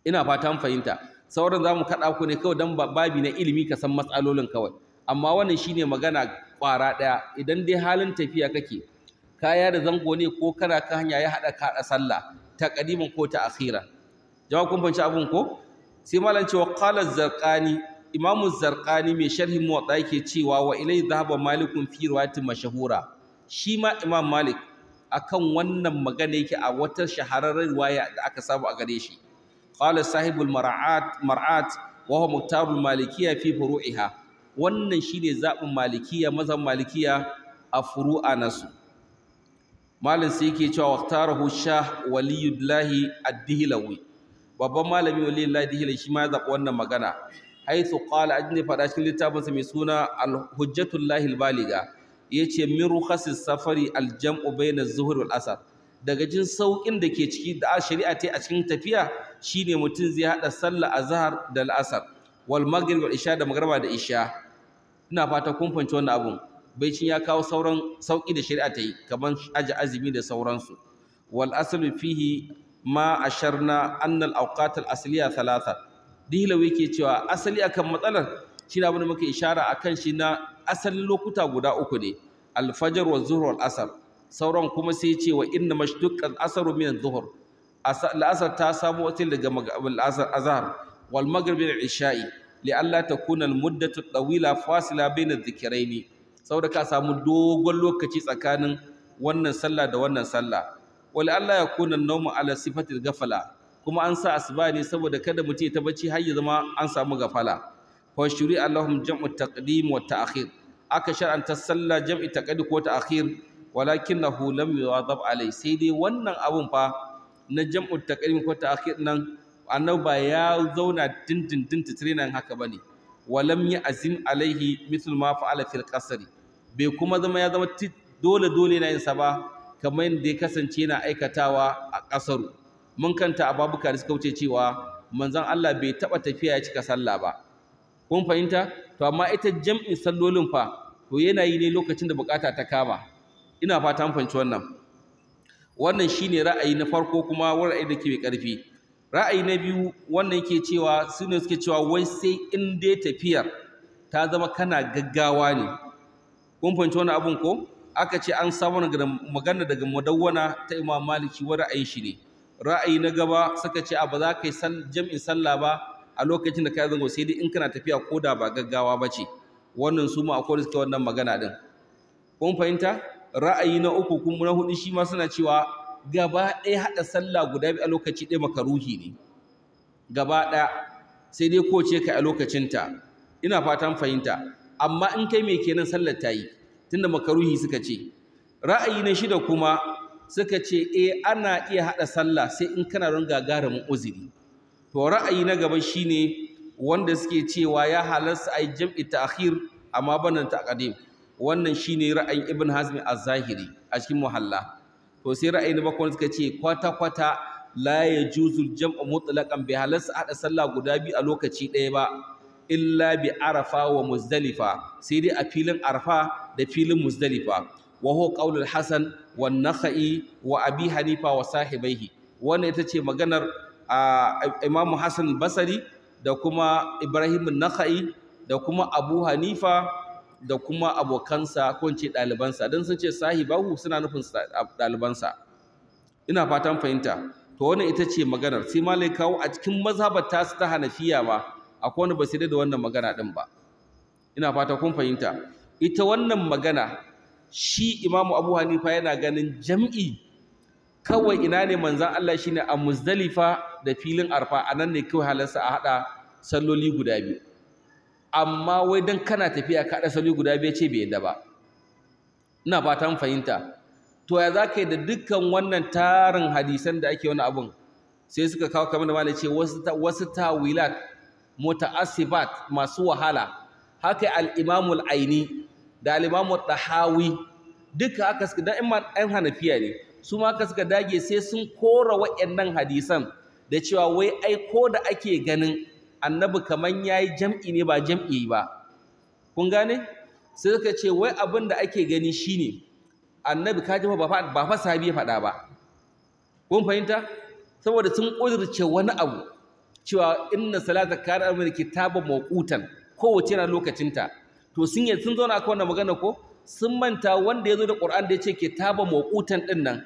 ina fata an fahimta sauran za mu kaɗa ku ne kawai don babi na ilimi ka san matsalolin kawai amma wannan shine magana ƙwara ɗaya idan dai halin tafiya kake kaya da zango ne ko kana kan hanya ya haɗa kaɗa sallah ta ƙadimin ko ta akhira jawab kun fanci abun ko sai malam cewa qala zarqani imamu zarqani mai sharhin muwatta yake cewa wa ilai dhahaba malikun fi riwayatin mashahura shi ma imam malik akan wannan magana yake a wata shahararren riwaya da aka saba a gare shi qala sahibul mar'at mar'at wa huwa muktabul malikiyya fi furu'iha wannan shine zabin malikiya mazan malikiya a furu'a nasu malin sai yake cewa waqtarahu shah waliyullahi ad-dihlawi babban malami waliyullahi ad-dihlawi shi ma ya zaɓi wannan magana haythu qala ajni fada cikin littafin sa mai suna al-hujjatullahi al-baliga yace min rukhasis safari al-jam'u bayna az-zuhr wal asr daga jin saukin da ke ciki da shari'a ta a cikin tafiya shine mutum zai hada sallah azhar da al-asr wal maghrib wal isha da magriba da isha ina fata kun wannan abun baicin ya kawo sauran sauki da shari'a ta yi kamar aji azumi da sauransu wal aslu fihi ma asharna annal awqat asliya thalatha dihlawi yake cewa asali akan matsalar shi na abin muka ishara akan shi na asalin lokuta guda uku ne alfajar wa zuhur wal asar sauran kuma sai ya ce wa inna mashtuqqal asaru min zuhur al'asar ta samo wata daga al'asar azhar wal maghrib al isha'i li alla takuna al muddatu tawila fasila bayna dhikiraini saboda ka samu dogon lokaci tsakanin wannan sallah da wannan sallah wal Allah ya kuna nawmu ala sifatil gafala kuma an sa asuba ne saboda kada mutum ta bacci har ya zama an samu gafala fa shuri Allahum jam'u taqdim wa ta'khir aka shar'anta sallah jam'i taqdi ko ta'khir walakinahu lam yu'adab alai sai dai wannan abun fa na jam'u taqdim ko ta'khir nan annabi ba ya zauna dindindin titrinan haka bane walam ya azim alaihi mithlu ma fa'ala fil bai kuma zama ya zama dole dole na yin sa ba kamar yadda ya kasance yana aikatawa a kasar mun kanta a babuka da suka wuce cewa manzon Allah bai taba tafiya ya cika sallah ba kun fahimta to amma ita jam'in sallolin fa to yana yi ne lokacin da bukata ta kama ina fata mun fahimci wannan wannan shine ra'ayi na farko kuma wani da ke mai karfi ra'ayi na biyu wannan yake cewa su ne suke cewa wai sai in dai tafiyar ta zama kana gaggawa ne kun fahimci wani abun ko aka ce an samu magana daga madawwana ta imam maliki wa ra'ayi shi ne ra'ayi na gaba suka ce a ba za ka yi jam'in sallah ba a lokacin da ka yi zango sai dai in kana tafiya ko da ba gaggawa ba ce wannan su ma akwai suke wannan magana din kun fahimta ra'ayi na uku kuma na hudu shi ma suna cewa gaba ɗaya haɗa sallah guda biyu a lokaci ɗaya maka ruhi ne gaba ɗaya sai dai ko ce kai a lokacinta ina fatan fahimta amma in kai mai kenan sallar ta yi tunda maka ruhi suka ce ra'ayi na shida kuma suka ce eh ana iya haɗa sallah sai in kana don gagarumin uzuri to ra'ayi na gaba shine wanda suke cewa ya halarsa ai jam'i ta'khir amma banan taqdim wannan shine ra'ayin ibn hazmi az-zahiri a cikin muhalla to sai ra'ayi na bakwai suka ce kwata kwata la yajuzu jam'u mutlaqan bi halarsa hada sallah guda biyu a lokaci ɗaya ba illa bi arafa wa muzdalifa sai dai a filin arafa da filin muzdalifa wa huwa qaulul hasan wa nakhai wa abi hanifa wa sahibaihi wannan ita ce maganar Imam hasan basari da kuma ibrahim nakhai da kuma abu hanifa da kuma abokansa ko ce ɗalibansa don sun ce sahibahu suna nufin ɗalibansa ina fatan fahimta to wani ita ce maganar sai lai kawo a cikin mazhabar su ta hanafiya ma akwai wani basu da wannan magana din ba ina fata kun fahimta ita wannan magana shi imamu abu hanifa yana ganin jam'i kawai ina ne manzan Allah shine a muzdalifa da filin arfa a nan ne kawai halarsa a haɗa salloli guda biyu amma wai dan kana tafiya ka da sali guda biyar ce bai da ba ina fatan fahimta to ya zaka yi da dukkan wannan tarin hadisan da ake wani abun sai suka kawo kamar da malai ce wasu wasu tawilat muta'assibat masu wahala haka al aini da al-imamul tahawi duka haka suka dan imam hanafiya ne su ma haka suka dage sai sun kora nan hadisan da cewa wai ai ko da ake ganin annabi kaman ya yi jam'i ne ba jam'i ba kun gane sai suka ce wai abin da ake gani shine annabi ka ji ba fa sahabi ya faɗa ba kun fahimta saboda sun ƙudurce wani abu cewa inna salata kana amina kitaban mawqutan kowace na lokacinta to sun yi sun zauna akwai wannan magana ko sun manta wanda ya zo da Qur'an da ya ce kitaban mawqutan din nan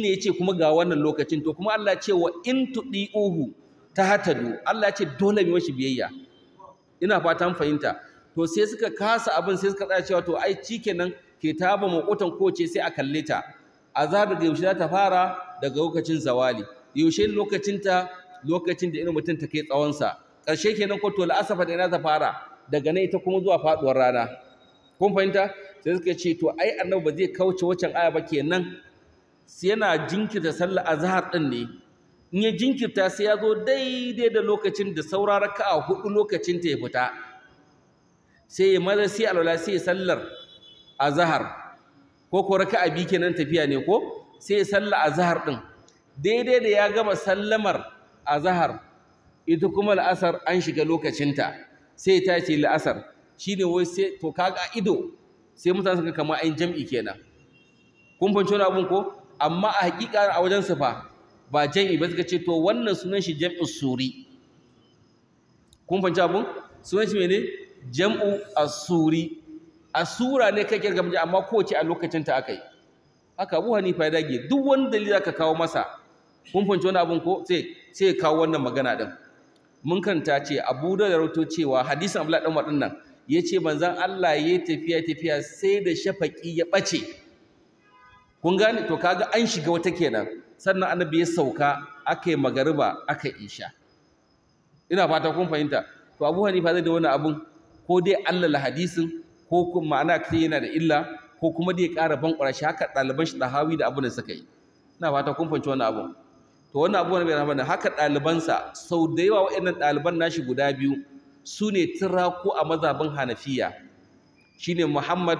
ne ya ce kuma ga wannan lokacin to kuma Allah ce wa in uhu. ta hatadu Allah ya ce dole mu mashi biyayya ina fatan fahimta to sai suka kasa abin sai suka tsaya cewa to ai cikenan ke ta taba makotan koce sai a kalle ta azabi ga yaushe za ta fara daga lokacin zawali yaushe lokacin ta lokacin da irin mutum ta kai tsawon sa karshe kenan ko to la'asafa da ina ta fara daga nan ita kuma zuwa faduwar rana kun fahimta sai suka ce to ai annabi ba zai kauce wacan aya ba kenan sai yana jinkirta sallar azhar din ne in ya jinkirta sai ya zo daidai da lokacin da saura a hudu lokacin ta ya fita sai ya maza sai alwala sai ya sallar zahar. ko ko raka'a bi kenan tafiya ne ko sai ya salla zahar din daidai da ya gama sallamar zahar. ita kuma la'asar an shiga lokacinta sai ta ce la'asar ne wai sai to kaga ido sai mutane suka kama ayin jam'i kenan kun fahimci wani abun ko amma a hakika a wajen su fa ba jam'i ba suka ce to wannan sunan shi jam'u suri kun fanci abun sunan shi mene jam'u asuri asura ne kai kirga miji amma kowace a lokacin ta akai haka Abu Hanifa ya ge duk wani dalil aka kawo masa kun fanci wani abun ko sai sai kawo wannan magana din mun kanta ce Abu da rauto cewa hadisan abu dan wadan nan ce manzon Allah ya yi tafiya tafiya sai da shafaƙi ya ɓace. kun gane to kaga an shiga wata kenan sannan annabi ya sauka aka yi magariba aka isha ina fata kun fahimta to abu hanifa zai da wani abun ko dai allala hadisin ko kuma ma'ana kai yana da illa ko kuma dai ƙara bankwara shi haka ɗaliban shi ɗahawi da abun da suka yi ina fata kun fahimci wannan abun to wannan abu bai da, haka ɗalibansa sau da yawa waɗannan ɗaliban nashi guda biyu su ne tirako a mazabin hanafiya shine muhammad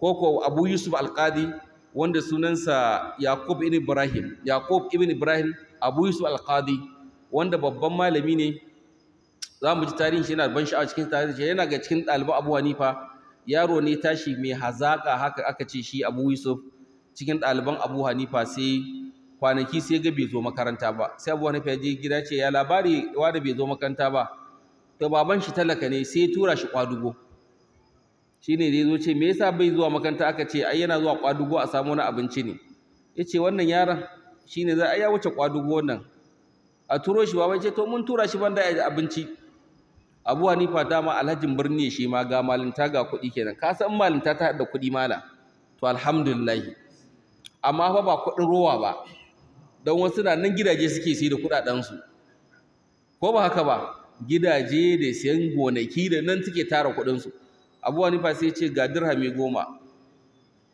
ko ko abu yusuf alƙadi wanda sunansa Yaqub ibn Ibrahim Yaqub ibn Ibrahim Abu Yusuf al wanda babban malami ne za mu ji tarihin shi yana ban sha'awa cikin tarihi shi yana ga cikin ɗaliban Abu Hanifa yaro ne tashi mai hazaka haka aka ce shi Abu Yusuf cikin ɗaliban Abu Hanifa sai kwanaki sai ga bai zo makaranta ba sai Abu Hanifa ya je gida ce ya labari wanda bai zo makaranta ba to baban shi talaka ne sai tura shi kwadugo shine zai zo ce me yasa bai zuwa makaranta aka ce ai yana zuwa kwadugo a samu wani abinci ne yace wannan yaron shine za a ya wuce kwadugo wannan a turo shi baban ce to mun tura shi banda ya abinci Abu Hanifa dama alhajin birni shi ma ga malinta ga kuɗi kenan ka san malinta ta da kuɗi mala to alhamdulillah amma fa ba kuɗin rowa ba Dan wasu na nan gidaje suke sai da su ko ba haka ba gidaje da siyan gonaki da nan suke tara kuɗin su abu hanifa sai ce ga dirhami goma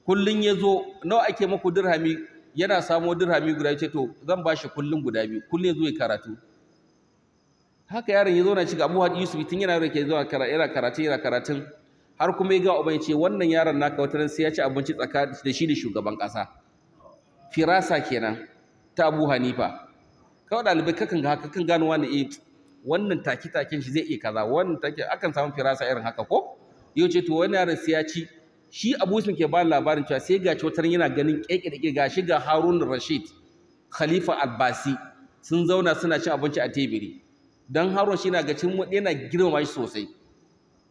kullun ya zo nawa ake maku dirhami yana samo dirhami guda ya ce to zan ba shi kullun guda biyu kullun ya zo ya karatu haka yaron ya zo na ci ga abu yusuf tun yana da ke zuwa yana karatu yana karatun har kuma ya ga uban ya ce wannan yaron naka wata ran sai ya ci abinci tsakanin da shi da shugaban kasa firasa kenan ta abu hanifa kawai ɗalibai kakan ga haka kan gano wani eh wannan take-taken shi zai iya kaza wannan take akan samu firasa irin haka ko yau ce to wani yaron sai ya ci shi abu sun ke ba labarin cewa sai ga wata yana ganin ƙeƙe da ga shi ga harun rashid khalifa albasi sun zauna suna cin abinci a tebiri don harun shi na ga cin yana girmama shi sosai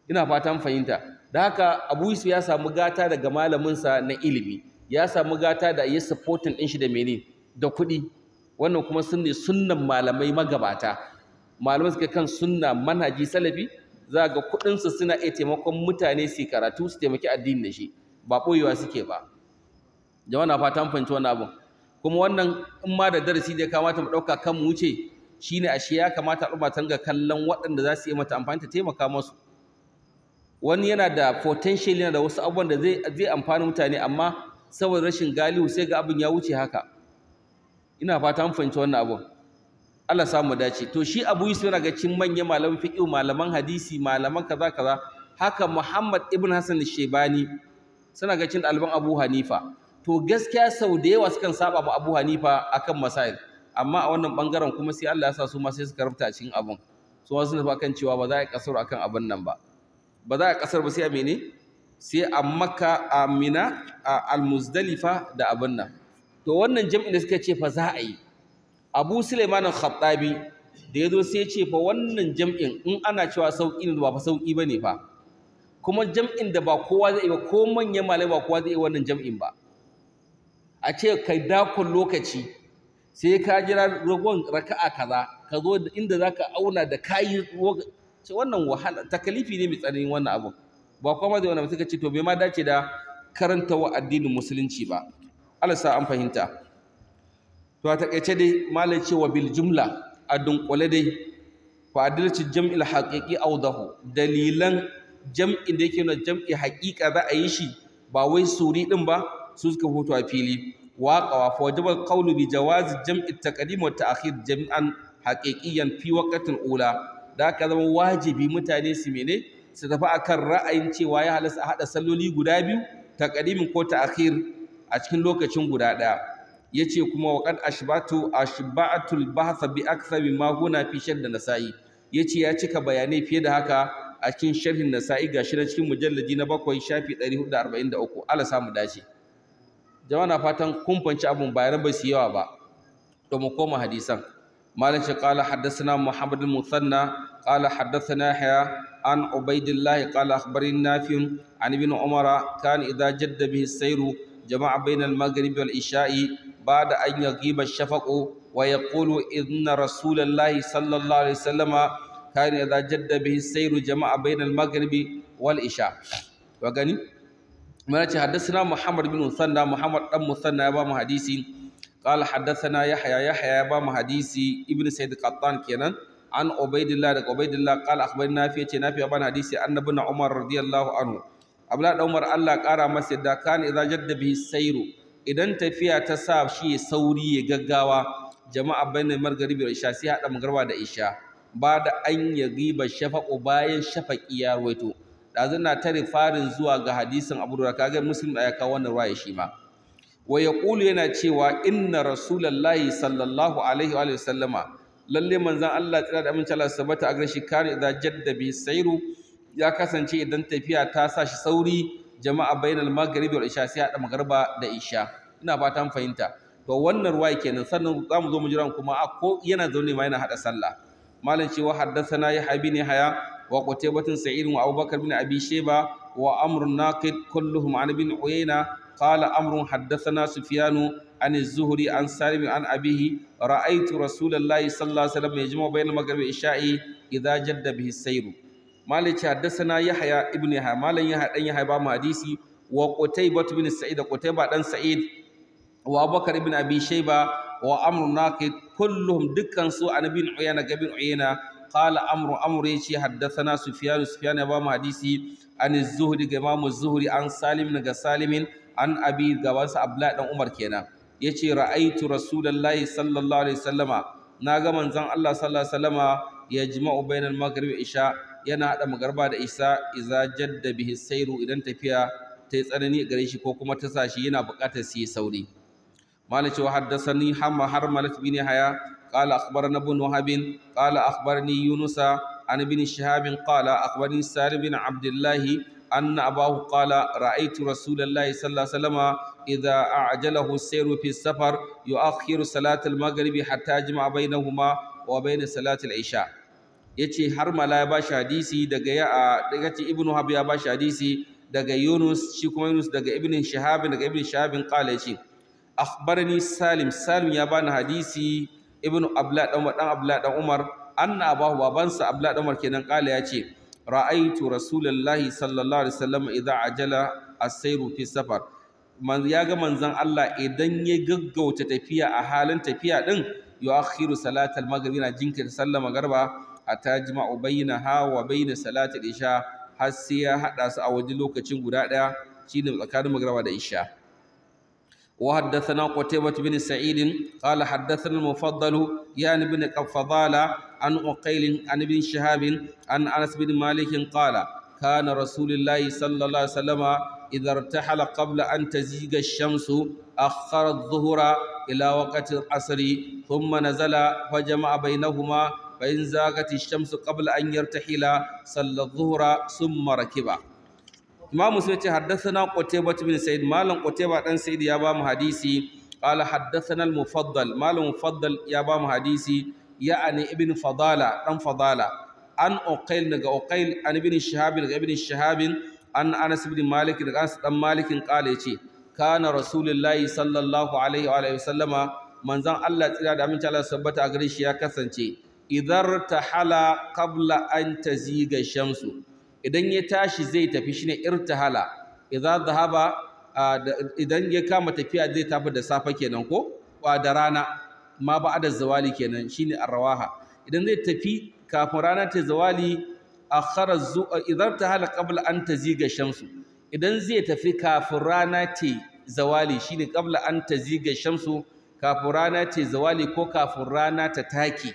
ina fatan fahimta da haka abu yusuf ya samu gata daga malaminsa na ilimi ya samu gata da ya supportin ɗin shi da mene da kuɗi wannan kuma sun ne sunnan malamai magabata malamai suka kan sunna manhaji salafi za ga kuɗinsu suna iya taimakon mutane su karatu su taimaki addini da shi ba ɓoyewa suke ba jama'a na fata fahimci wannan abin kuma wannan in ma da darasi da ya kamata mu ɗauka kan mu wuce shine ashe ya kamata al'umma ta ga kallon waɗanda za su yi mata amfani ta taimaka musu wani yana da potential yana da wasu abubuwan da zai zai amfani mutane amma saboda rashin galihu sai ga abin ya wuce haka ina fata fahimci wannan abin Allah samu dace to shi Abu Yusuf yana ga cin manya malaman fiqh malaman hadisi malaman kaza kaza haka Muhammad ibn Hassan al-Shaybani suna ga cin dalban Abu Hanifa to gaskiya sau da yawa sukan saba ma Abu Hanifa akan masail amma a wannan bangaren kuma sai Allah ya sa su ma sai suka rubuta cikin abun su ma sun kan cewa ba za a kasar akan abun nan ba ba za a kasar ba sai a mene sai a Makka a Mina a Al-Muzdalifa da abun nan to wannan jami'in da suka ce fa za a yi abu suleiman khattabi da ya zo sai ya ce fa wannan jam'in in ana cewa sauƙi ne ba fa sauƙi ba ne fa kuma jam'in da ba kowa zai ba ko manyan malai ba kowa zai yi wannan jam'in ba a ce kai dakon lokaci sai ka jira ragon raka'a kaza ka zo inda za ka auna da kayi wannan wahala takalifi ne mai tsananin wannan abu ba kuma zai wannan ka ce to bai ma dace da karanta wa addinin musulunci ba Allah sa an fahimta to a takaice dai malai cewa bil jumla a dunkule dai fa adalci jam'il haqiqi awdahu dalilan jam'i da yake nuna jam'i haqiqa za a yi shi ba wai suri din ba su suka hoto a fili Waƙawa, fa wajaba qawlu bi jawazi jam'i taqdim wa ta'khir jam'an haqiqiyan fi waqtin ula da aka zama wajibi mutane su mene su tafi akan ra'ayin cewa ya halasta a haɗa salloli guda biyu ta ƙadimin ko ta a cikin lokacin guda ɗaya yace kuma wa qad ashbatu ashba'atul bahth bi akthari ma huna fi shadd nasa'i yace ya cika bayanai fiye da haka a cikin sharhin nasa'i gashi na cikin mujallaji na bakwai shafi 443 ala samu dace jama'a na fatan kun fanci abun bayanan ba su yawa ba to mu koma hadisan malam shi qala haddathana muhammad al-musanna qala haddathana haya an ubaidillah qala akhbarina nafi' an ibn umara kan idza jama'a bainal maghrib wal isha'i bada an yi ribar shafako wa ya kulu inna rasulallahi sallallahu alaihi sallama kayan ya jaddada bai sairu jama'a bainal magharibi wal isha wa gani mana ce haddasa muhammad bin musanna muhammad dan musanna ya ba mu hadisi قال حدثنا يحيى يحيى يا بام حديثي ابن سيد قطان كينان عن عبيد الله رك عبيد الله قال أخبرنا في تي نافي أبان حديثي أن ابن عمر رضي الله عنه أبلاد عمر الله قال ما سيدا كان إذا جد به السير idan tafiya ta sa shi sauri ya gaggawa jama'a bainal magharibi da isha sai haɗa magarba da isha ba da an riba shafaƙo bayan shafaƙi ya ruwaito dazun na tare farin zuwa ga hadisin Abu da kaga Muslim da ya kawo wannan ruwa shi ma wa ƙulu yana cewa inna rasulullahi sallallahu alaihi wa sallama lalle manzan Allah tsira da aminci Allah sabata a gare shi kare da jaddabi sairu ya kasance idan tafiya ta sa shi sauri jama'a bainal maghribi wal isha sai hada magarba da isha ina fatan fahimta to wannan ruwaya kenan sannan zamu zo mu jira kuma a ko yana zaune ma yana hada sallah malam cewa haddathana yahya bin haya wa qutaybatun sa'id wa abubakar bin abi shayba wa amrun naqid kulluhum an bin uyayna qala amrun haddathana sufyanu an الزهري an سالم عن أبيه رأيت رسول الله صلى الله عليه وسلم يجمع بين المغرب والعشاء إذا جد به السير malai ce haddasana yahya ibn yahya malan yahya dan yahya ba mu hadisi wa qutaybah ibn sa'id qutaybah dan sa'id wa abubakar ibn abi shayba wa amr naqid kulluhum dukkan su annabi uyana gabin uyana qala amru amru yace haddathana sufyan sufyan ba mu hadisi an az-zuhri ga imam az-zuhri an salim daga salimin an abi gabansa abdullah dan umar kenan yace ra'aitu rasulullahi sallallahu alaihi wasallama naga manzon Allah sallallahu alaihi wasallama yajma'u bainal maghrib isha yana haɗa magarba da isa iza jadda bihi sairu idan tafiya ta yi tsanani gare shi ko kuma ta sa shi yana buƙatar su yi sauri malam cewa haddasani hamma har malat bin haya qala akhbarana ibn wahab qala akhbarani yunusa an ibn shihab qala akhbarani salim bin abdullah anna abahu qala ra'aytu rasulullahi sallallahu alaihi wasallam idza a'jalahu sayru fi safar yu'akhiru salatal maghribi hatta yajma'a bainahuma wa bain salatil isha' Ya ce har mala ya shi hadisi daga ya daga ce ibnu hab ya shi hadisi daga yunus shi kuma yunus daga ibn shihab daga ibn shihab qala ce. akhbarani salim salim ya bani hadisi ibnu abla dan dan abla dan umar anna abahu babansa abla dan umar kenan qala yace ra'aitu rasulullahi sallallahu alaihi wasallam idza ajala as-sayru fi safar man ya ga manzon Allah idan ya gaggauta tafiya a halin tafiya din yu'akhiru salatal maghrib na jinkirta Sallama Garba. a ta jima'u bayyana hawa bayyana salatu da isha har sai ya haɗa su a waje lokacin guda ɗaya shine tsakanin magraba da isha wa haddathana qutaybah bin sa'id qala haddathana mufaddalu yan ibn qafdala an uqayl an ibn shihab an anas bin malik qala kana rasulullahi sallallahu alaihi wasallam idza irtahala qabla an taziga ash-shams akhkhara adh ila waqti al-asr thumma nazala fa jama'a bai bainahuma fa in zagati shamsu qabla an yartahila salla dhuhra summa rakiba imamu sai ce haddathana qutaybah bin sa'id malam qutaybah dan sa'id ya ba mu hadisi qala haddathana al-mufaddal malam mufaddal ya ba mu hadisi ya'ani ibn fadala dan fadala an uqail daga uqail an ibn shihab daga ibn shihab an anas ibn malik daga anas dan malik qala yace kana rasulullahi sallallahu alaihi wa sallama manzan Allah tsira da aminci Allah sabbata a garin shi ya kasance idar hala, kabla an ta ziga shamsu idan ya tashi zai tafi shi ne irtahala ta hala. idan ya kama tafiya zai tafi da safa kenan ko ba da rana ma ba da zawali kenan shine arwaha idan zai tafi kafin rana ta zawali akhara idar hala qabla an ta ziga shamsu idan zai tafi kafin rana ta zawali shine qabla an ta ziga shamsu kafin rana ta zawali ko kafin rana ta take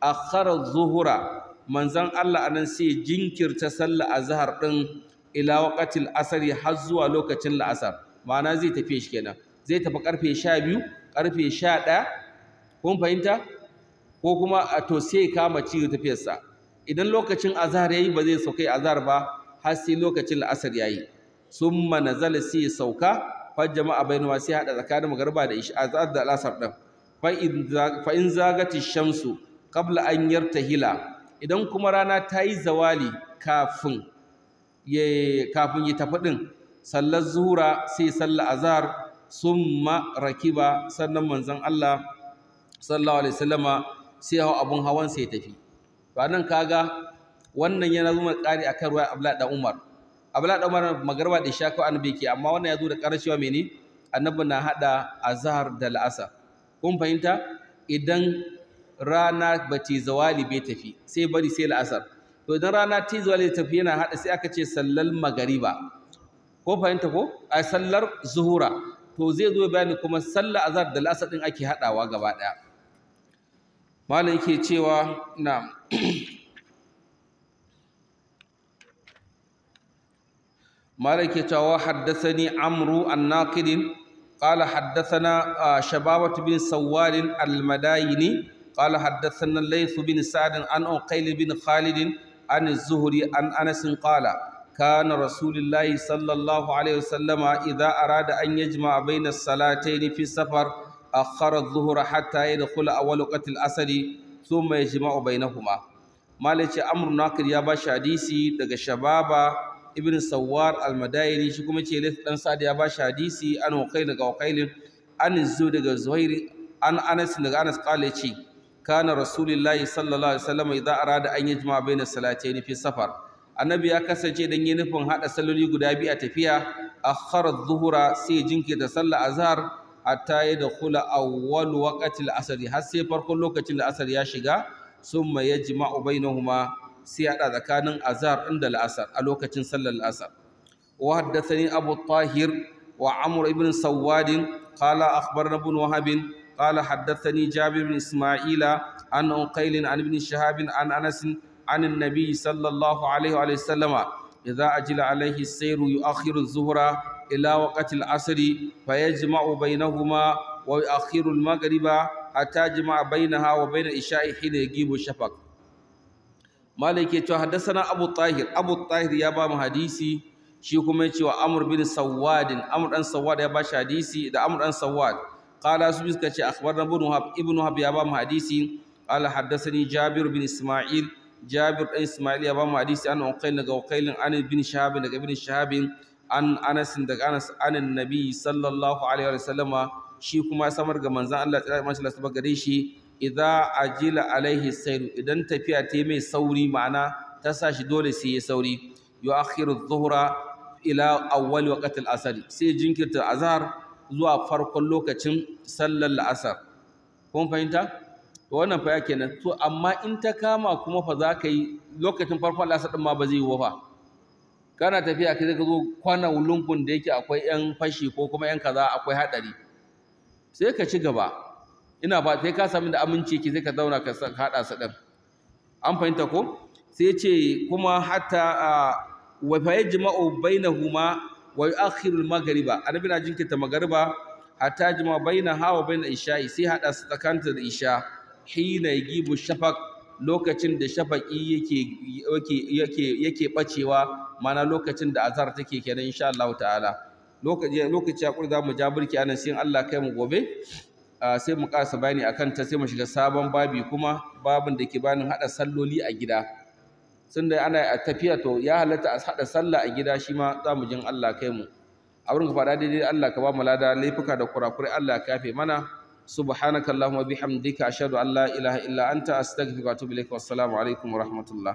akhara zuhura manzan Allah anan sai jinkirta a azhar din ila waqatil asri har zuwa lokacin la'asar ma'ana zai tafi shi kenan zai tafi karfe 12 karfe 11 kun fahimta ko kuma a to sai kama ci tafiyarsa idan lokacin azhar yayi ba zai sauka azhar ba har sai lokacin la'asar yayi summa nazala sai sauka fa jama'a bainawa sai hada tsakanin magriba da isha azhar da al'asar din fa in zagati shamsu anyar an hila, idan kuma rana ta yi zawali kafin ya kafin ya tafi din sallar zuhura sai sallar azhar summa rakiba sannan manzon Allah sallallahu alaihi wasallama sai hawa abun hawan sai tafi to nan kaga wannan yana zuma kari akan ruwa Abdullah da Umar Abdullah da Umar magarba da shaka annabi ke amma wannan ya zo da karshewa mene annabi na hada azhar da la'asa. kun fahimta idan rana ba ta zawali bai tafi sai bari sai la'asar to idan rana ta zawali tafi yana haɗa sai aka ce sallar magariba ko fahimta ko a sallar zuhura to zai zo bayani kuma sallar azar da la'asar ɗin ake haɗawa gaba ɗaya malam yake cewa na مالك يتوا amru an الناقد قال حدثنا شبابة بن سوال المدايني قال حدثنا الليث بن سعد عن عقيل بن خالد عن الزهري عن أنس قال كان رسول الله صلى الله عليه وسلم إذا أراد أن يجمع بين الصلاتين في السفر أخر الظهر حتى يدخل أول وقت الأسد ثم يجمع بينهما مالك أمر ناكر يا باش حديثي دق شبابا ابن سوار المدايني شكما تشيلت أن سعد يا باش حديثي أن وقيل دق وقيل أن الزهري دق الزهير أن أنس دق أنس قال شيء kana rasulullahi sallallahu alaihi wasallam idza arada an yajma baina salatayn fi safar annabi ya kasance dan yi nufin hada salloli guda biyu a tafiya a adh zuhura, sai jinkirta sallar azhar hatta yadkhula awwal waqtil asr har sai farkon lokacin la'asar ya shiga summa yajma'u bainahuma sai hada tsakanin azhar din da la'asar a lokacin sallar la'asar. wa haddathani abu tahir wa amr ibn sawad qala akhbarna ibn wahab قال حدثني جابر بن إسماعيل عن أقيل عن ابن شهاب عن أنس عن النبي صلى الله عليه وآله وسلم إذا أجل عليه السير يؤخر الظهر إلى وقت العصر فيجمع بينهما ويؤخر المغرب حتى جمع بينها وبين العشاء حين يجيب الشفق مالك حدثنا أبو الطاهر أبو الطاهر يا بام حديثي shi kuma ya ce wa Amr bin Sawad Amr dan Sawad ya bashi hadisi da Amr dan Sawad قال سبيسك أخبرنا ابن وهب ابن وهب يا بام حديثي قال حدثني جابر بن إسماعيل جابر بن إسماعيل يا بام حديثي أن أقيل لك أقيل عن بن شهاب لك ابن شهاب عن أنس لك أنس عن النبي صلى الله عليه وسلم shi kuma samar ga manzan Allah tsira mashi Allah sabaka gare shi idza ajila alaihi sayru idan tafiya ta mai sauri ma'ana tasashi dole sai ya sauri yu'akhiru adh-dhuhra ila awwal waqti al sai jinkirta azhar zuwa farkon lokacin sallar la'asar kun fahimta to wannan fa yake nan to amma in ta kama kuma fa za ka yi lokacin farkon la'asar ɗin ma ba zai yi wafa kana tafiya ka zai ka zo kwana lungun da yake akwai yan fashi ko kuma yan kaza akwai haɗari sai ka ci gaba ina ba sai ka sami da aminci ki sai ka zauna ka haɗa su ɗin an fahimta ko sai ce kuma hatta wa fa yajma'u bainahuma wa yu'akhiru al-maghriba annabi na jinkirta magariba hatta jima baina hawa baina isha'i sai hada su da isha hina yagibu shafaq lokacin da shafaqi yake yake yake bacewa mana lokacin da azhar take kenan insha Allah ta'ala lokaci lokaci hakuri zamu jabirki anan sai Allah kai mu gobe sai mu kasa bayani akan ta sai mu shiga sabon babi kuma babin da ke bani hada salloli a gida sun da ana a tafiya to ya halatta a haɗa sallah a gida shi ma za mu jin Allah kai mu abin ka faɗa daidai Allah ka ba mu lada laifuka da kurakurai Allah ka yafe mana subhanaka allahumma bihamdika ashhadu an la ilaha illa anta astaghfiruka wa atubu ilaik assalamu alaikum wa rahmatullah